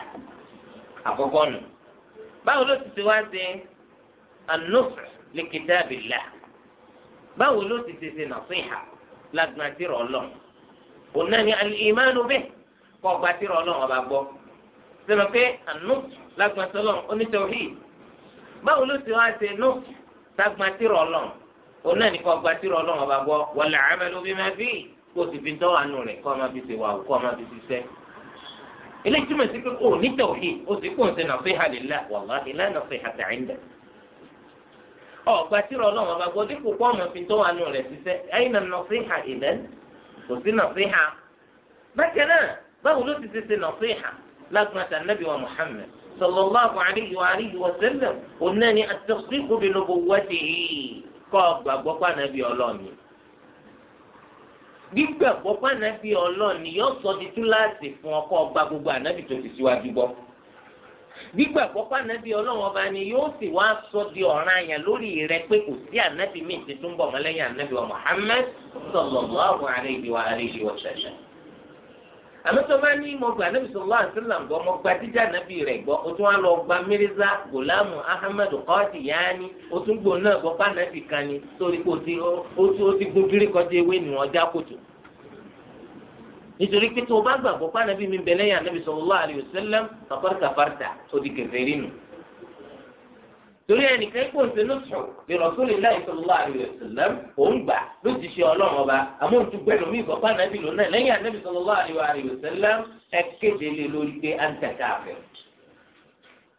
àkọ́kọ́ nù báwo ló ti ti wá ṣe anusr li kitabillah báwo ló ti ti ṣe nàṣíhà lágbàtìrọ̀ ọlọ́run òun ni al-imanu kọ́ gbàtìrọ̀ ọlọ́run ọba gbọ́ sẹ́nu pé ànú lágbọ́n sọ́lọ́ onítọ̀hí báwo ló ti wá ṣe nù tágbọ́n tí rọ̀ lọ́n òun náà ní kó gba tí rọ̀ lọ́n ọba gbọ́ wọlé àmẹ́lú bí máa fi kó o sì fi dán àánú rẹ̀ kó o máa fi ṣe wà kó o máa fi ṣiṣẹ́ eléyìí túmọ̀ sí pé o ní tọ̀hí o sì kó o ṣe nàfíhà lillah wallahi la nàfíhà inda ọgbà tí rọlọ́ wọn bá gbọ́ dípò pọ́ ọmọ fi tó wà nù rẹ̀ ṣiṣẹ́ ayna nàfíhà ìlẹ́ kò sí nàfíhà bákan náà báwo ló ti ṣe ṣe nàfíhà lásìmọ̀tà النبي wa Muhammad sallallahu alayhi wa alihi wa sallam òun náà ni at-tasdiqu bi nubuwwatihi kọ́ gbàgbọ́ pànàbí ọlọ́ọ̀ni gbígbàgbọ́ pànàbí ọlọ́ọ̀ni yóò sọ di túláàsì fún ọkọ̀ ọgbà gbogbo ànábì tó ti síwájú bọ́ gbígbàgbọ́ pànàbí ọlọ́wọ́n ọba ni yóò sì wá sọ di ọ̀ranyàn lórí rẹ pé kò sí ànábì míì ti túnbọ̀ mọ́lẹ́yìn ànábì wa Muhammad sallallahu alayhi wa alihi wa sallam àmọ́ tó bá ní mo gbà níbi sọ̀rọ̀ àṣìlá gbọ́ mo gba jíjà nàbì rẹ̀ gbọ́ o tún wá lọ gba mírízà gòlámù ahmed kọ́ọ̀tì yaani o tún gbò náà gbọ́ pànàbì kan ni torí kò ti o ti gun kiri kọjá ewé ni wọ́n já kòtò. nítorí pé tó o bá gbàgbọ́ pànàbì mi bẹ̀lẹ́ yà nàbì sọ̀rọ̀ àlè torí ẹnìkan kò ṣe lóṣù bí rọ̀sùlì láì sọ̀rọ̀ àríwẹ̀ sẹ̀lẹ̀m òun gbà ló ti ṣe ọlọ́run ọba amóhùntúgbẹ́nu mi ìfọ̀pá nàbí lónà lẹ́yìn ànábì sọ̀rọ̀ àríwẹ̀ àríwẹ̀ sẹ̀lẹ̀m ẹ kéde lé lórí pé à ń tẹ̀ka àfẹ́.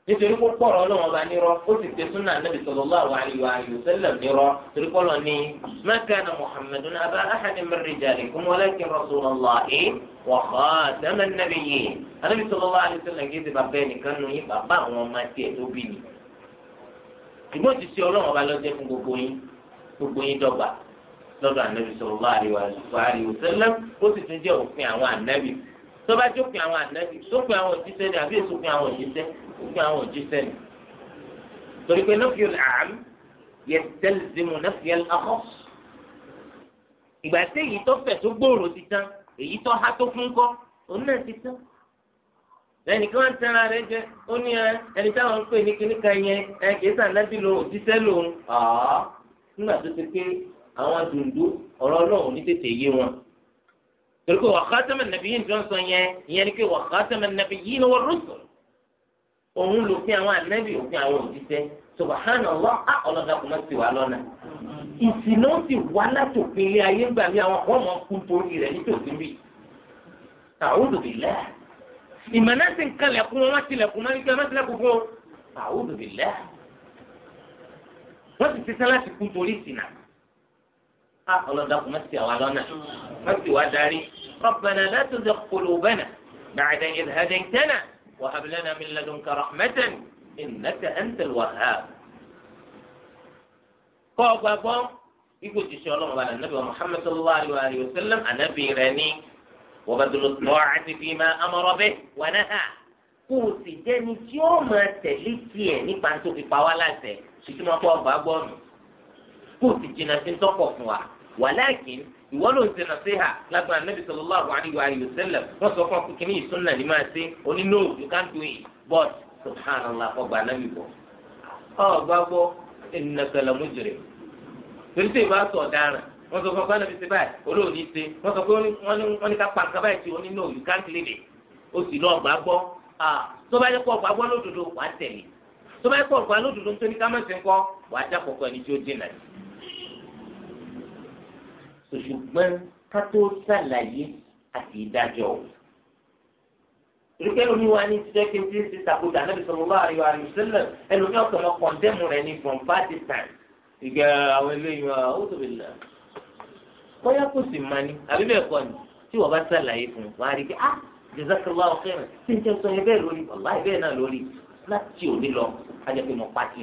nítorí kó pọ̀rọ̀ ọlọ́run ọba nírọ́ ó sì tẹ súnà ànábì sọ̀rọ̀ àríwẹ̀ àríwẹ̀ sẹ̀lẹ̀m nírọ́ torí kọ́lọ̀ ni mákàna muhammadun abá ṣùgbọ́n ti ṣe ọlọ́run ọba lọ́jẹ́ fún gbogbo yín gbogbo yín dọ́gba lọ́dọ̀ ànábì sallallahu alaihi wasallam ó sì tún jẹ́ òfin àwọn ànábì tó bá jókòó àwọn ànábì sópin àwọn òjíṣẹ́ ni àbí èsòpin àwọn òjíṣẹ́ òpin àwọn òjíṣẹ́ ni. torí pé nọ́ọ̀kì àm yastalzimu nọ́ọ̀kì al-akhas. ìgbà tí èyí tó fẹ̀ tó gbòòrò ti tán èyí tó há tó fún kọ́ òun náà ti tán ẹnìkan ń tẹ́ra rẹ jẹ ó ní ẹ ẹni táwọn ń pè ní kíníkà yẹn ẹ kìí sànẹ́bí lo òjíṣẹ́ lòun àá nígbà tó ti pé àwọn dùndú ọ̀rọ̀ ọlọ́run ní tètè yé wọn. torí pé wà khataman nabiyyin tó ń sọ yẹn ìyẹn ni pé wà khataman nabiyyin war rusul òun lòfin àwọn ànẹ́bí òfin àwọn òjíṣẹ́ subhanallah á ọlọ́dà kò má ti wà lọ́nà ìsìn náà ti wá إما ناس قال يقوم مثل يقوم مثل يقوم مثل يقوم أعوذ بالله ما في ثلاثة كنتوليسنا آه، الله ده مثل أولانا مثل وداري ربنا لا تزغ قلوبنا بعد إذ هديتنا وهب لنا من لدنك رحمة إنك أنت الوهاب قوة قوة يقول جيش الله على النبي محمد صلى الله عليه وسلم أنا بيراني وبذل الطاعة فيما أمر به ونهى kó o sì jẹ́ni tí ó máa tẹ̀lé tiẹ̀ nípa tó fi pa wá láṣẹ ṣùgbọ́n kó ọba gbọ́nù kó o sì jìnnà sí tọ́pọ̀ fún wa wàláàkín ìwọ ló ń sinà sí ha lágbára Nabi sallallahu alaihi wa alihi wasallam wọ́n sọ fún ọ ìsúná ní máa ṣe onínú you can't do it but subhanallah ọgbà nàbì bọ̀ ọgbà gbọ́ innaka la mujrim torí wọ́n sọ pé ọ̀nàbí ti báyìí olóòní ṣe wọ́n sọ pé wọ́n ní ká pa nǹkan báyìí tí wọ́n ní no you can't leave it ó sì lọ ọgbà gbọ́ tó bá yẹ kó ọgbà gbọ́ lódodo wà á tẹ̀lé tó bá yẹ kó ọgbà lódodo nítorí ká mẹ́sìn kọ́ wà á jápọ̀kọ́ ẹni tí ó dènà yìí. ṣùgbọ́n ká tó àti ìdájọ́ o. ìrúkẹ́lómi wa ní ti jẹ́ kí n ti ṣe ṣàkóso ànábì sallallahu alaihi wasallam ẹlòmí ọ̀sán lọ kọ̀ndẹ́mù rẹ̀ ní from Pakistan. time. ìgbà àwọn eléyìí wa ó tóbi lẹ́yìn bóyá kò sì máa ní àbí bẹ́ẹ̀ kọ́ ni tí wọ́n bá ṣàlàyé fún un wọ́n á rí i pé ah jẹ́sàkìlá ọ̀kẹ́rin tí n jẹ́ sọ yẹn bẹ́ẹ̀ lórí ọ̀la ìbẹ́ẹ̀ náà lórí láti òní lọ ajẹ́ pé mo pàtì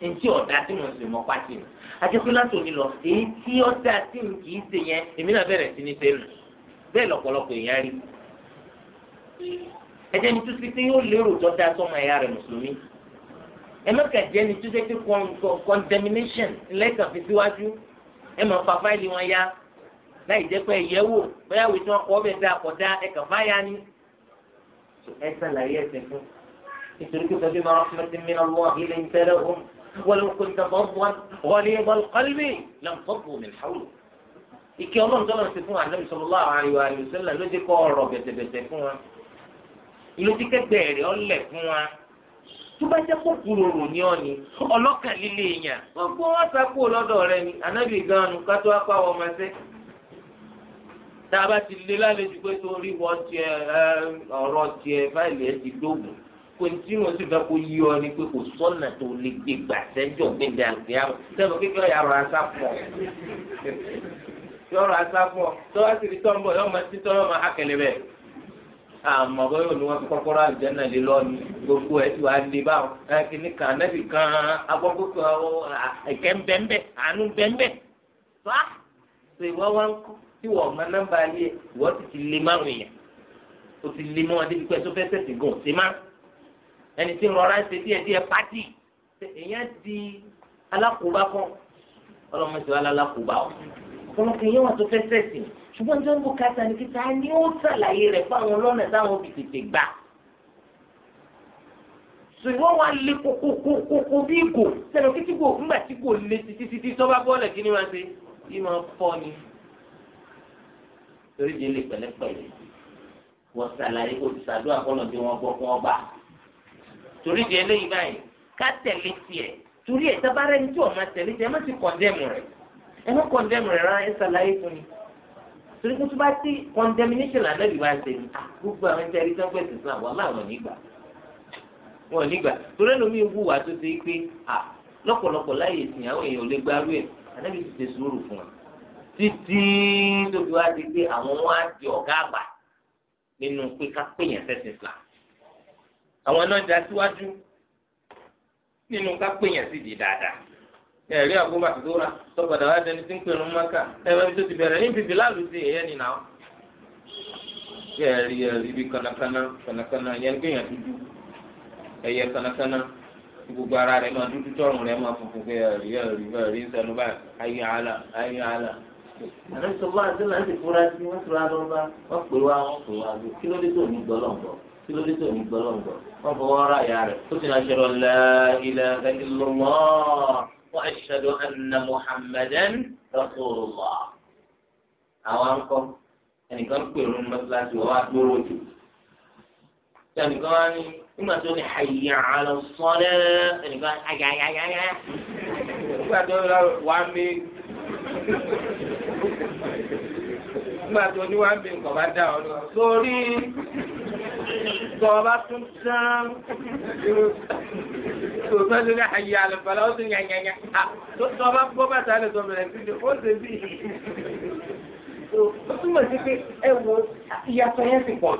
ní ntí ọ̀dà tí mo sì mọ pàtì ní ajẹ́ pé láti òní lọ èyí tí ọ̀dà tí n kì í ṣe yẹn èmi náà bẹ̀rẹ̀ sí ní sẹ́nu bẹ́ẹ̀ lọ́pọ̀lọpọ̀ èèyàn rí ẹjẹ́ ni túnṣe tí yóò lérò tó dá ẹ̀yà rẹ̀ mùsùlùmí ẹ̀mẹ́kà jẹ́ ni túnṣe tí condemnation lẹ́kàn fi síwájú ẹ máa fa fáìlì wọn ya láì jẹ́ pé ẹ̀yẹ́ wò bóyá wò tí wọ́n kọ́ bẹ́ẹ̀ dá àkọ́dá ẹ kàn fáyà ni. ẹ sàlàyé ẹsẹ̀ fún nítorí pé sọ́dún máa rọ́ọ̀tì mẹ́tì mi náà ilé ń tẹ́lẹ̀ òun wọ́n ló kún tàbọ̀ wọn wọ́n lè wọ́n kọ́lbí lọ́nkọ́bù mi hàwù. ìkẹ́ ọlọ́run tó lọ́n ti fún ànábì sallallahu alaihi tó bá jẹ́ kó kúròrò ní ọ̀ni ọlọ́kàn líle èèyàn wọ́n kó wọ́n sákò rẹ ni ànábì gan-an nù kátó apá wọn máa ṣe. tá a bá ti lé lálejò pé torí wọ́n tiẹ̀ ọ̀rọ̀ tiẹ̀ fáìlì ẹ̀ ti dógùn kò tí mo sì fẹ́ kó yí ọ ni pé kò sọ́nà tó lè gbé gbà sẹ́jọ́ gbẹ̀dẹ̀ àgbéyàwó sẹ́wọ̀n kékeré yàrá asá pọ̀ yọ̀rọ̀ asá pọ̀ tọ́wọ́ sì rí tọ́ńbọ̀ yọ̀ọ́ àmọ́ bóyá òní wọn fi kọ́kọ́rọ́ àlùjànnà lé lọ́nu gbogbo ẹ̀ tí wàá di báwọn kìnnì kan nẹ́bì kan agbọ́gbọ́gbọ́ ẹ̀kẹ́ ń bẹ́ńbẹ́ àánú bẹ́ńbẹ́ tó a ṣe ìwọ wa ń kọ́ tí wọ́n mọ nọ́mbà yẹ wọ́n ti ti lé márùn yẹn o ti lé mọ́ adébí pé tó fẹ́ẹ́ tẹ̀sí gùn sí má ẹni tí rọra ṣe díẹ̀ díẹ̀ pátì èèyàn di alákòóbá kan ọlọ́mọ ọ̀pọ̀lọpọ̀ èèyàn wà tó fẹ́ sẹ̀sìn ṣùgbọ́n tó ń bò káta ní kíta ni ó ṣàlàyé rẹ̀ fáwọn lọ́nà táwọn òbí tètè gbà. sọ ìwọ́n wa lé kókókókó bí ìgò sẹ́nu kí tìgò ńgbà tí kò lé títí títí tó bá bọ́ọ̀lù kí ni máa ṣe kí máa fọ́ ni. torí di ilé pẹ̀lẹ́pẹ̀lẹ́ wọ́n ṣàlàyé olùṣàdúrà kọ́nà bí wọ́n gbọ́ fún ọba torí di eléyìí báyìí ká tẹ̀lé tiẹ̀ torí ẹ̀ tábàárẹ̀ ní tí ọ̀ ẹ má kọ́ndẹ́mù rẹ̀ rárá ẹ ṣàlàyé fún mi torí kó tó bá ti kọ́ndẹ́mínẹ́ṣẹ̀ lànàbí bá ṣe ní ah, gbogbo àwọn ẹni tẹ́rí sọ́pẹ́ sí islam wà láwọn nígbà wọn nígbà torí ẹlòmíì wùwà tó ṣe pé ah, lọ́pọ̀lọpọ̀ láyè ìsìn àwọn èèyàn ò lè gbárù ẹ̀ ànábì ti ṣe sùúrù fún wa títí tó fi wá di pé àwọn wọn á di ọ̀gá àgbà nínú pé ká pèèyàn sẹ́sìn islam àwọn náà dá síwájú nínú ká pèèyàn sì di dáadáa ẹ̀rí àbúrò àdúrà tọ́gbàdà wá dẹni tí ń pè ní maka ẹ̀rọ tó ti bẹ̀rẹ̀ ní bìbí láàlú sí ẹ̀yẹ́ nìyà wọn. ẹ̀rí ẹ̀rí bí kanakana kanakana yẹn gbé yàn dúdú ẹ̀yẹ kanakana gbogbo ara rẹ̀ máa dúdú tọ́rùn rẹ̀ máa funfun pé ẹ̀rí ẹ̀rí ẹ̀rí sẹ́nu báyìí ayé àlà ayé àlà. àná sọ fún àti láti fura sí wọn tura lọ bá wọn pè wá wọn pè wá bí kílódé tó ní gbọlọgbọ kílódé tó ní gbọlọgbọ wọn fọwọ́ ra ìyá rẹ̀ ó ti وأشهد أن محمدا رسول الله أوامكم يعني كان كل من مثلا جواب موجود يعني كان إما تقول حي على الصلاة يعني كان أجا أجا أجا وأدور وامي ما تقول وامي كم هذا سوري tọ́ọ̀bá tún sán tòótọ́ lórí àyè àlùfàlà ó sì yànyànyà tọ́ọ̀bá gbọ́ bàtà lè sọ bẹ̀rẹ̀ sí ó sì bí ó túmọ̀ sí pé ẹ wo ìyàtọ̀ yẹn ti pọ̀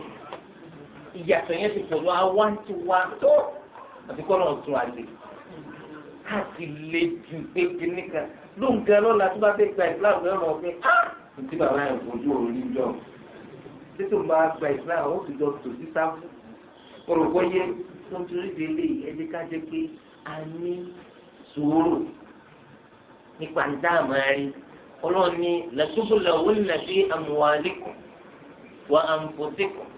ìyàtọ̀ yẹn ti pọ̀ lọ àwa ń ti wá tó àti kọ́ náà tún àlè káàkiri lè ju pé kìnnì kan lóǹkẹ́ lọ́la tó bá fẹ́ gba ìfúláwọ̀ lọ́nà ọ̀gbìn á bàbá yẹn fojú òun níjọ́ títí ń bá gba islam ó fi jọ tò sísá orògbóyé tó ń torí di eléyìí ẹ jẹ́ ká jẹ́ pé a ní sùúrù nípa dáàmú ẹrí ọlọ́run ní lẹ́túbùlẹ̀ òun nà fi amwalikum wa anfusikum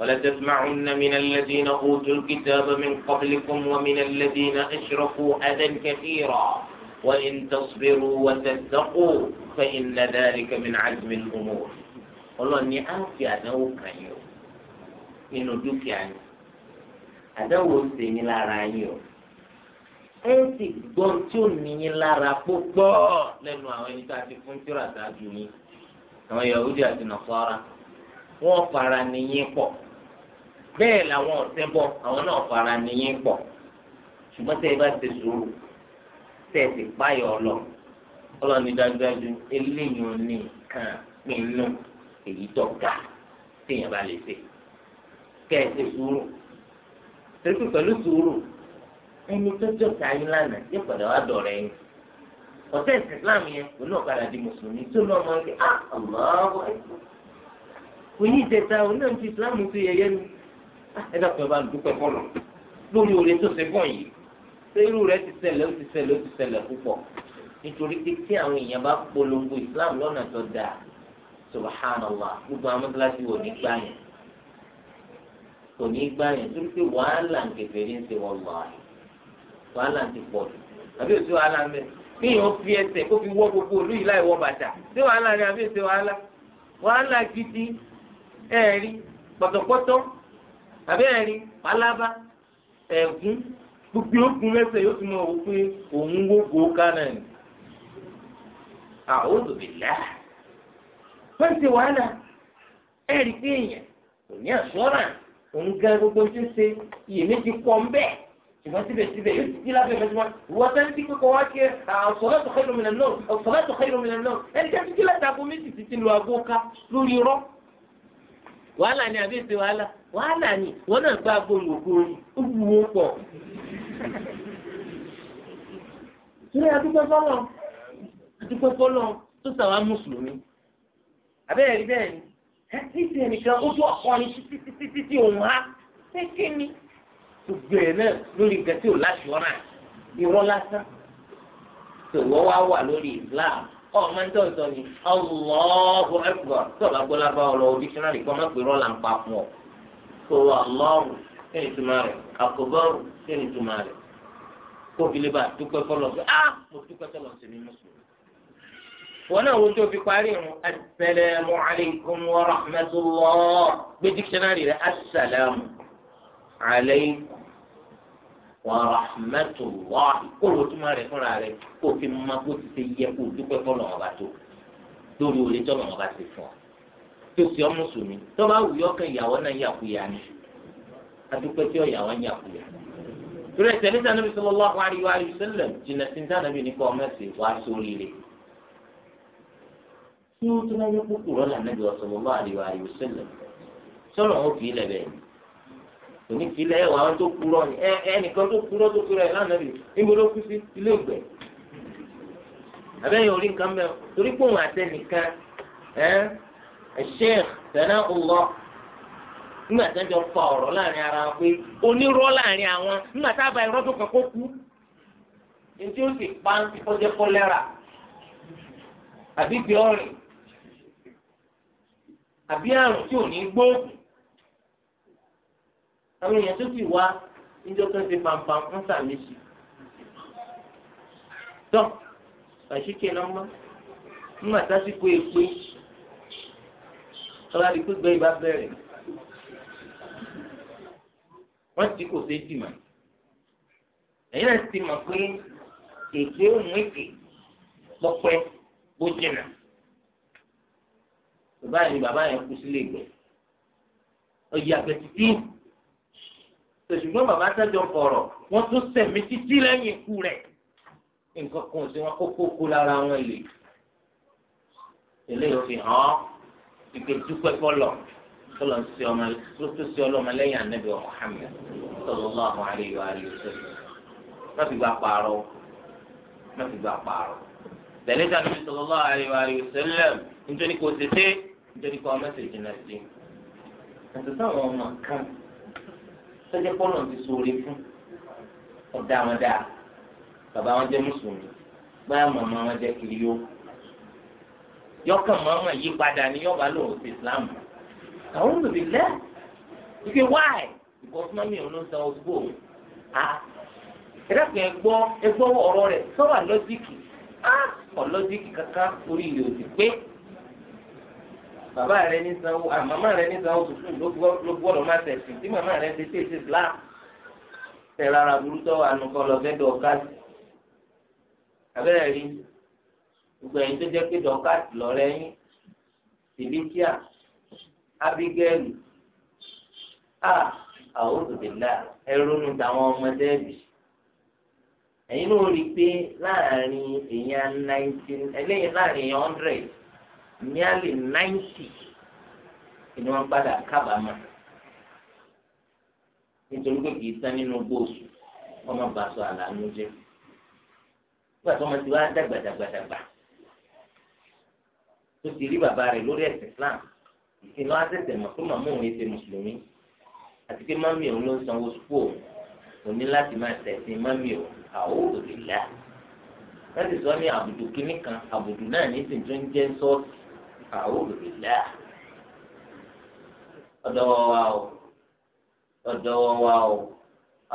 ولتسمعن من الذين أوتوا الكتاب من قبلكم ومن الذين أشركوا أذى كثيرا وإن تصبروا وتتقوا فإن ذلك من عزم الأمور ọlọ́ni á fi àdánwò kàn yín o nínú dúkìá yín àdánwò ṣe yín lára yín o ẹ sì gbọ́ tí ò ní yín lára púpọ̀ lẹ́nu àwọn ẹni tá a ti fún tíra ṣáájú yín àwọn Yahudi àti Nasara wọ́n fara nìyín pọ̀ bẹ́ẹ̀ làwọn ọ̀sẹ̀ bọ̀ àwọn náà fara nìyín pọ̀ ṣùgbọ́n tẹ́ ẹ bá ti sùúrù tẹ́ ẹ ti páyọ̀ ọlọ́ ọlọ́ni dájúdájú eléyìí ò ní kàn pinnu èyí tó ga téèyàn bá lè ṣe kẹ́ ẹ ṣe sùúrù torí pẹ̀lú sùúrù ẹni tó jọ̀ta yín lánàá yóò padà wá dọ̀rẹ́ yín ọ̀tẹ́ ìsìn Islam yẹn kò náà padà di mùsùlùmí tó náà máa ń gbé ah ọlọ́wọ́ ẹ̀kọ́ oyin ìjẹta òun náà ń fi Islam sí yẹ̀yẹ́ mi ah, ẹ dàpọ̀ ẹ bá dúpẹ́ fọlọ́ lórí oore tó ṣe fún yìí ṣé irú rẹ ti ṣẹlẹ̀ ó ti ṣẹlẹ̀ ó ti ṣẹlẹ̀ púpọ̀ nítorí pé tí àwọn èèyàn bá polongo Islam lọ́nà tó dáa subhanallah gbogbo àwọn mọ́tíláṣí wò ní gbàyàn kò ní gbàyàn torí pé wàhálà ń kẹfẹ́ ní ṣe wọ́n lọ àyè wàhálà ti pọ̀ jù àbí òsì wàhálà ń bẹ̀ kí èèyàn fi ẹsẹ̀ kó fi wọ́ gbogbo olú yìí láì wọ bàtà ṣé wàhálà ni àbí òsì wàhálà wàhálà gidi ẹ̀rí pọ̀tọ̀pọ̀tọ̀ àbí ẹ̀rí pálábá ẹ̀gún gbogbo ogun lẹ́sẹ̀ yóò tún mọ̀ wò pé òun wó gòó kánà ni. a'udhu billah wọ́n ti wàhálà ẹ̀rí pé èèyàn kò ní àṣọ́rà òun gan gbogbo tó ṣe iyèméjì pọ̀ ń bẹ́ẹ̀ ṣùgbọ́n síbẹ̀síbẹ̀ yóò ti di lábẹ́ fẹ́ tiwọn ìwọ sẹ́ni tí kókó wá kí as-salatu khayrun minan nawm as-salatu khayrun minan nawm ẹni tẹ́tí tí láti aago méjì ti ti lo aago ká lórí irọ́ wàhálà ni àbí èsè wàhálà wàhálà ni wọn náà gba aago lòkó ó wù ó pọ̀ sílẹ̀ adúgbò fọlọ́ adúgbò fọlọ́ tó sàwọn mùsùlùmí àbẹ́rẹ́ rí bẹ́ẹ̀ ni ẹtí ti ẹnìkan ojú ọ̀kan ni títí títí títí òun á ṣé kí ni gbogbo ẹ̀ náà lórí nǹkan tí ò láṣọ̀ọ́nà irọ́ lásán tòwọ́ wá wà lórí Islam ọmọ ń tọ̀sọ̀ ni Allahu Akbar tọ́lá gbọ́lábá ọ̀rọ̀ dictionary kan máa ń pè rọ́ọ̀lá ń pa fún ọ tó Allahu kí ni tuma rẹ̀ àkọ́bọ́rù kí ni tuma rẹ̀ kó fi dúpẹ́ fọlọ́ ah, wọn náà wo tó fi parí irun asalaamu alaykum wa rahmatulah gbé dictionary rẹ asalaamu alaykum wa rahmatulah kó wo túmọ̀ rẹ fúnra rẹ kó fi mọ kó ti ṣe yẹ kó dúpẹ́ fọlọ́ ọba tó lórí orí tọ́lọ̀ ọba ti fún ọ tó fi ọ mùsùlùmí tó bá wù yọ kẹ ìyàwó náà yàkuyà ni adúpẹ́ tí ọ̀yàwó ń yàkuyà torí ẹsẹ̀ níta níbi sallallahu alaihi wa sallam jìnnà sí níta nípa ọmọ ẹ̀sìn wàá sórí tí ó tún rọ́lá nàbí àríwá àríwá sọ̀rọ̀ bẹ́ẹ̀ fi tó kúrọ̀ ni ẹnìkan tó kúrọ̀ tó kúrọ̀ ẹ̀ lánàá bì níbo ló kú sí ilé ìgbẹ́ abẹ́yẹn orí nǹkan torí pé òun àtẹnìkan ẹ̀ṣẹ́ tẹ̀lé ọlọ́ nígbà tí wọ́n jọ fa ọ̀rọ̀ láàrin ara wọn pé onírọ́ láàrin àwọn nígbà tó kàn kó kú ní tí ó sì pa ń fi àbí àrùn tí ò ní gbóògùn àwọn èèyàn tó ti wá níjọ́ kan ṣe pàmpàm fún sàmìsì tọ́ àṣìkè nọ́mbà nígbà sásìkò èpè ọlá di pípẹ́ ìbá bẹ̀rẹ̀ wọ́n ti kò sí dìmọ̀ ẹ̀yìn náà ti mọ̀ pé èpè òun èpè pọpẹ bó jìnnà bàbá yẹn bàbá yẹn kú sílé ìgbẹ́ òye àgbẹ̀ títí ṣùgbọ́n bàbá sẹ́jọ́ kọ̀rọ̀ wọ́n tún sẹ̀mí títí lẹ́yìn ikú rẹ̀ nǹkan kan sí wọn kókó kó lára wọn lè eléyìí fi hàn án ìpè dúpẹ́ fọlọ̀ fọlọ̀ ń sí ọmọ tó sí ọlọ́mọ lẹ́yìn ànábì Muhammad sallallahu alaihi wa alihi wasallam má fi gba pààrọ̀ má fi gba pààrọ̀ tẹ̀lé tàbí sallallahu alaihi wa alihi wasallam nítorí kò tètè nítorí kọ́ mẹ́sẹ̀jì náà sí àti sáwọn ọmọ kan sọ́jẹ́ pọ́nà ti sóore fún ọ̀dà wọn dáa bàbá wọn jẹ́ mùsùlùmí báyà màmá wọn jẹ́ kiri yó yọkàn màmá yí padà ní yọba lóhùn sí Islam àwọn olùbí lẹ́ ike wáì because mami òun ló ń san oṣù bò á ẹ̀dàkùn ẹgbọ́ ẹgbọ́ ọ̀rọ̀ rẹ̀ sọ́wọ́ àlọ́jìkì á ọ̀lọ́jìkì kankan orí ìlú òsì pé bàbá rẹ ní sanwó àmàmà rẹ ní sanwó tuntun ló gbọ́dọ̀ máa tẹ̀sí tí màmá rẹ ti tẹ̀sí islam tẹ̀ rárá burú tọ́ ànukọ́ lọ fẹ́ dọ̀kátì abẹ́rẹ́ rí gbogbo ẹ̀yin tó jẹ́ pé dọ̀kátì lọ́rẹ́ yín tìlíkíà ábígẹ́lì a àwọn òbílà ẹrúnú táwọn ọmọdé bì ẹ̀yin náà rí i pé láàrin èèyàn náìtì ẹlẹ́yìn láàrin èèyàn nearly ninety ni wọ́n padà kábàámà nítorí pé kìí tán nínú gbóòsù wọ́n máa bá aṣọ àlàánú jẹ́ nígbà tó máa ti wá dàgbàdàgbàdàgbà tó ti rí bàbá rẹ̀ lórí ẹ̀sìn Islam ìsinmi wá tẹ̀sẹ̀ mọ̀ pé màmú òun ṣe mùsùlùmí àti pé mọ́mí òun ló ń sanwó sùpò òun ní láti máa tẹ̀sìn mọ́mí òun àwọn òbí là láti sọ ní àbùdù kínní kan àbùdù náà ní ìsìn tó ń jẹ́ sọ́ọ̀tì a'udhu billah ọ̀dọ́wọ́ wa o ọ̀dọ́wọ́ wa o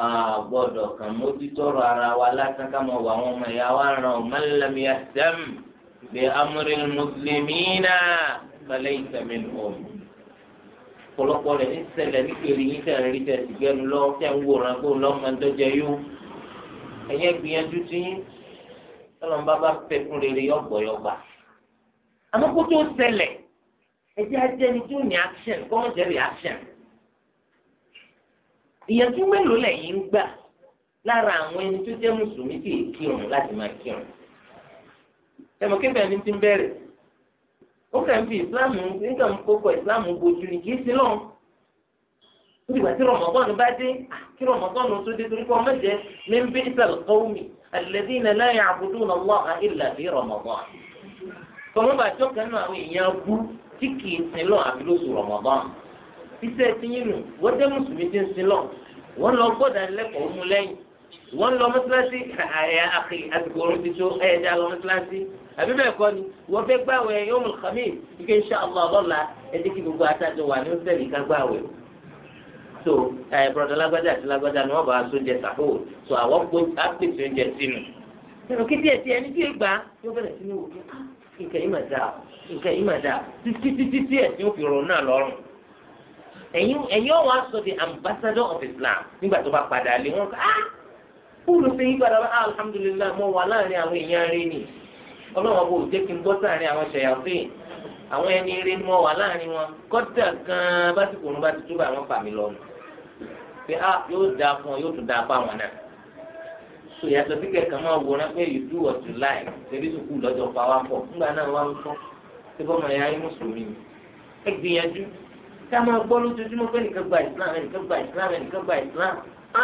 àgbọ̀dọ̀ kan mójútọ́rọ̀ ara wa lásán ká mọ̀ wà àwọn ọmọ ìyá wa ràn ọ́ man lam yahtam bi amril muslimina falaysa minhum pọ̀lọpọ̀ rẹ ní ṣẹlẹ̀ ní kiri yín tẹ rí tẹ sì gbẹnu lọ tẹ ń wòran kó lọ máa ń dọjẹ yó ẹyẹ gbìyànjú tí yín bá fẹ́ fún rere yọgbọyọgba àmọ́ kó tó ṣẹlẹ̀ ẹjẹ́ ajẹ́ni tó ní action kó wọ́n jẹ́ reaction. ìyẹn tún mélòó lẹ́yìn ń gbà lára àwọn ẹni tó jẹ́ mùsùlùmí sì kírun láti máa kírun. ẹ̀mọ̀ kébẹ̀ ni ti ń bẹ̀rẹ̀ ó kàn ń fi ìsìláàmù nígbà kókò ìsìláàmù bojú ni kìí sí lọ́n. ó dìgbà tí rọmọgán bá dé kí rọmọgán tó dé torí kọ́ mẹ́jẹ min bi'sal qawmi alladhina la ya'buduna Allaha illa fi tọmọ bá jọ kan náà àwọn èèyàn bú tí kì í sin lọ àbí lóṣù Ramadan iṣẹ́ ti yín nù wọ́n jẹ́ mùsùlùmí tí ń sin lọ wọ́n lọ gbọ́dọ̀ lẹ́kọ̀ọ́ mú lẹ́yìn wọ́n lọ mọ́sálásí àyà àkè àsìkò orun ti tó ẹ̀ẹ́dá lọ mọ́sálásí àbí bẹ́ẹ̀ kọ́ ni wọ́n fẹ́ gbàwẹ̀ yawmul khamis ike insha Allah lọ́la ẹ̀dí kí gbogbo àtàjọ wà ní sẹ́ẹ̀lì ká gbàwẹ̀ so ẹ̀ bọ̀dọ̀ lágbájá àti lágbájá ni wọ́n bá aṣọ oúnjẹ sàkó so àwọn apèsè oúnjẹ sínú. kí tiẹ̀ tiẹ̀ ní kí ẹ gbà á yóò bẹ̀rẹ̀ sí ní nǹkan yìí mà dáa nǹkan yìí mà dáa títí títí tí ẹ̀sìn òfin rọ̀ náà lọ́rùn ẹ̀yin ẹ̀yin ọ̀wọ́n aṣọ the ambassador of Islam nígbà tó bá padà lé wọn ká fúlù sí yí padà bá ah, alhamdulillah mo wà láàrin àwọn èèyàn rẹ ni ọlọ́wọ́n kò jẹ́ kí n bọ́ sáàrin àwọn ṣẹ̀yàfín àwọn ẹni rẹ ni mo wà láàrin wọn kọ́tà gan-an bá ti kòrò bá ti túbọ̀ àwọn fàmì lọ́nu pé ah yóò dáa fún ọ yóò tún dáa fún àwọn náà so yàtọ̀ sí kẹ̀kẹ́ máa wòran pé you do what you like ṣebí sùkúù lọ́jọ́ pàwá pọ̀ nígbà náà wà ń kọ́ ṣé bọ́mọ ẹ̀yà ayé mùsùlùmí ni ẹ gbìyànjú ká máa gbọ́ lójoojúmọ́ pé nìkan gba islam ẹnìkan gba islam ẹnìkan gba islam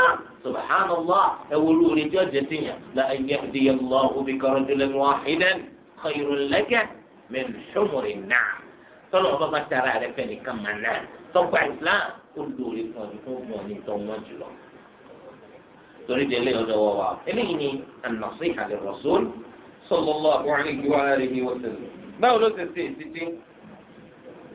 ah subhanallah ẹ wo olóore tí ọjà ti yàn la an yahdiyallahu bika rajulan wahidan khayrun laka min humurin na'am tọ́lọ̀ ọba bá tara rẹ fẹ́ nìkan mọ̀ náà tọ́gbà islam torí de eléyìí ọ̀dọ̀ wọ̀ wá eléyìí ni an-nasiha lir-rasul sallallahu alayhi wa alihi wa sallam. báwo ló ṣe ṣe ìṣiṣẹ́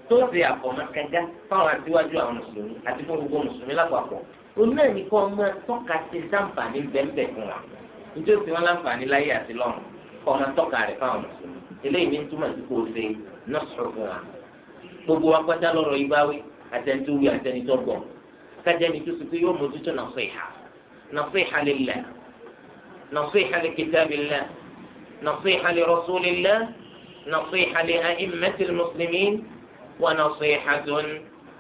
tó ṣe àkọ́mọ́kẹ́já fáwọn àtiwájú àwọn mùsùlùmí àti fún gbogbo mùsùlùmí lápapọ̀ òun náà ní kó ọmọ tọ́ka ṣe sáǹfààní bẹ́ẹ̀ fún wa nítorí tí wọ́n láǹfààní láyé àti fún wa kájẹ́ni tó ṣe pé yóò mójútó náà fẹ́ ìhà نصيحة لله نصيحة لكتاب الله نصيحة لرسول الله نصيحة لأئمة المسلمين ونصيحة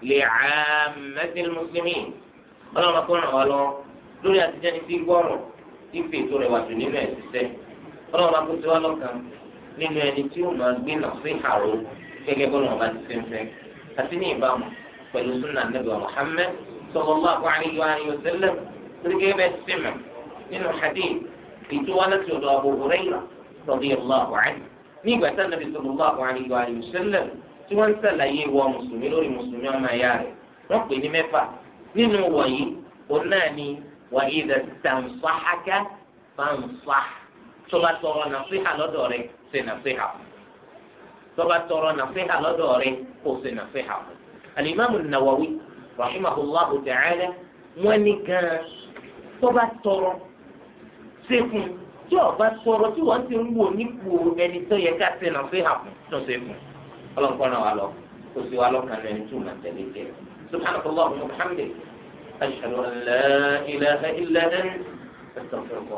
لعامة المسلمين ọlọ́run kò ràn wá lọ́wọ́ lórí àtijọ́ni tí gbọ́rọ̀ tí fi ètò rẹ̀ wà jù nínú ẹ̀ ṣiṣẹ́ ọlọ́run kò tí wá lọ́kàn nínú ẹni tí ó máa gbé nà sí àrò gẹ́gẹ́ bọ́lá wọn bá ti ṣe ń fẹ́ àti ní ìbámu pẹ̀lú súnà nàbẹ̀ Muhammad sallallahu alaihi wa sallam رجب السمع إيه من الحديث في تولد أبو هريرة رضي الله عنه نيجا النبي صلى الله عليه وآله وسلم تون سلا يهوا مسلمين أو مسلمين ما يعرف رب إني مفا نينو وعي أيه؟ قلناني وإذا تنصحك فانصح تبا ترى نصيحة لدوري سنصيحة تبا ترى نصيحة لدوري سنصيحة الإمام النووي رحمه الله تعالى مني tó bá tọrọ ṣe fún tí ọba tọrọ tí wọ́n ti ń wò nípò ẹni tó yẹ ká ṣe náà fi hàn fún tó ṣe fún ọlọ́nkọ́ náà wà lọ kó sì wà lọ́kàn náà ní túmọ̀ tẹ̀lé jẹ́ subhanaka allahumma wa bihamdika ashhadu an la ilaha illa anta astaghfiruka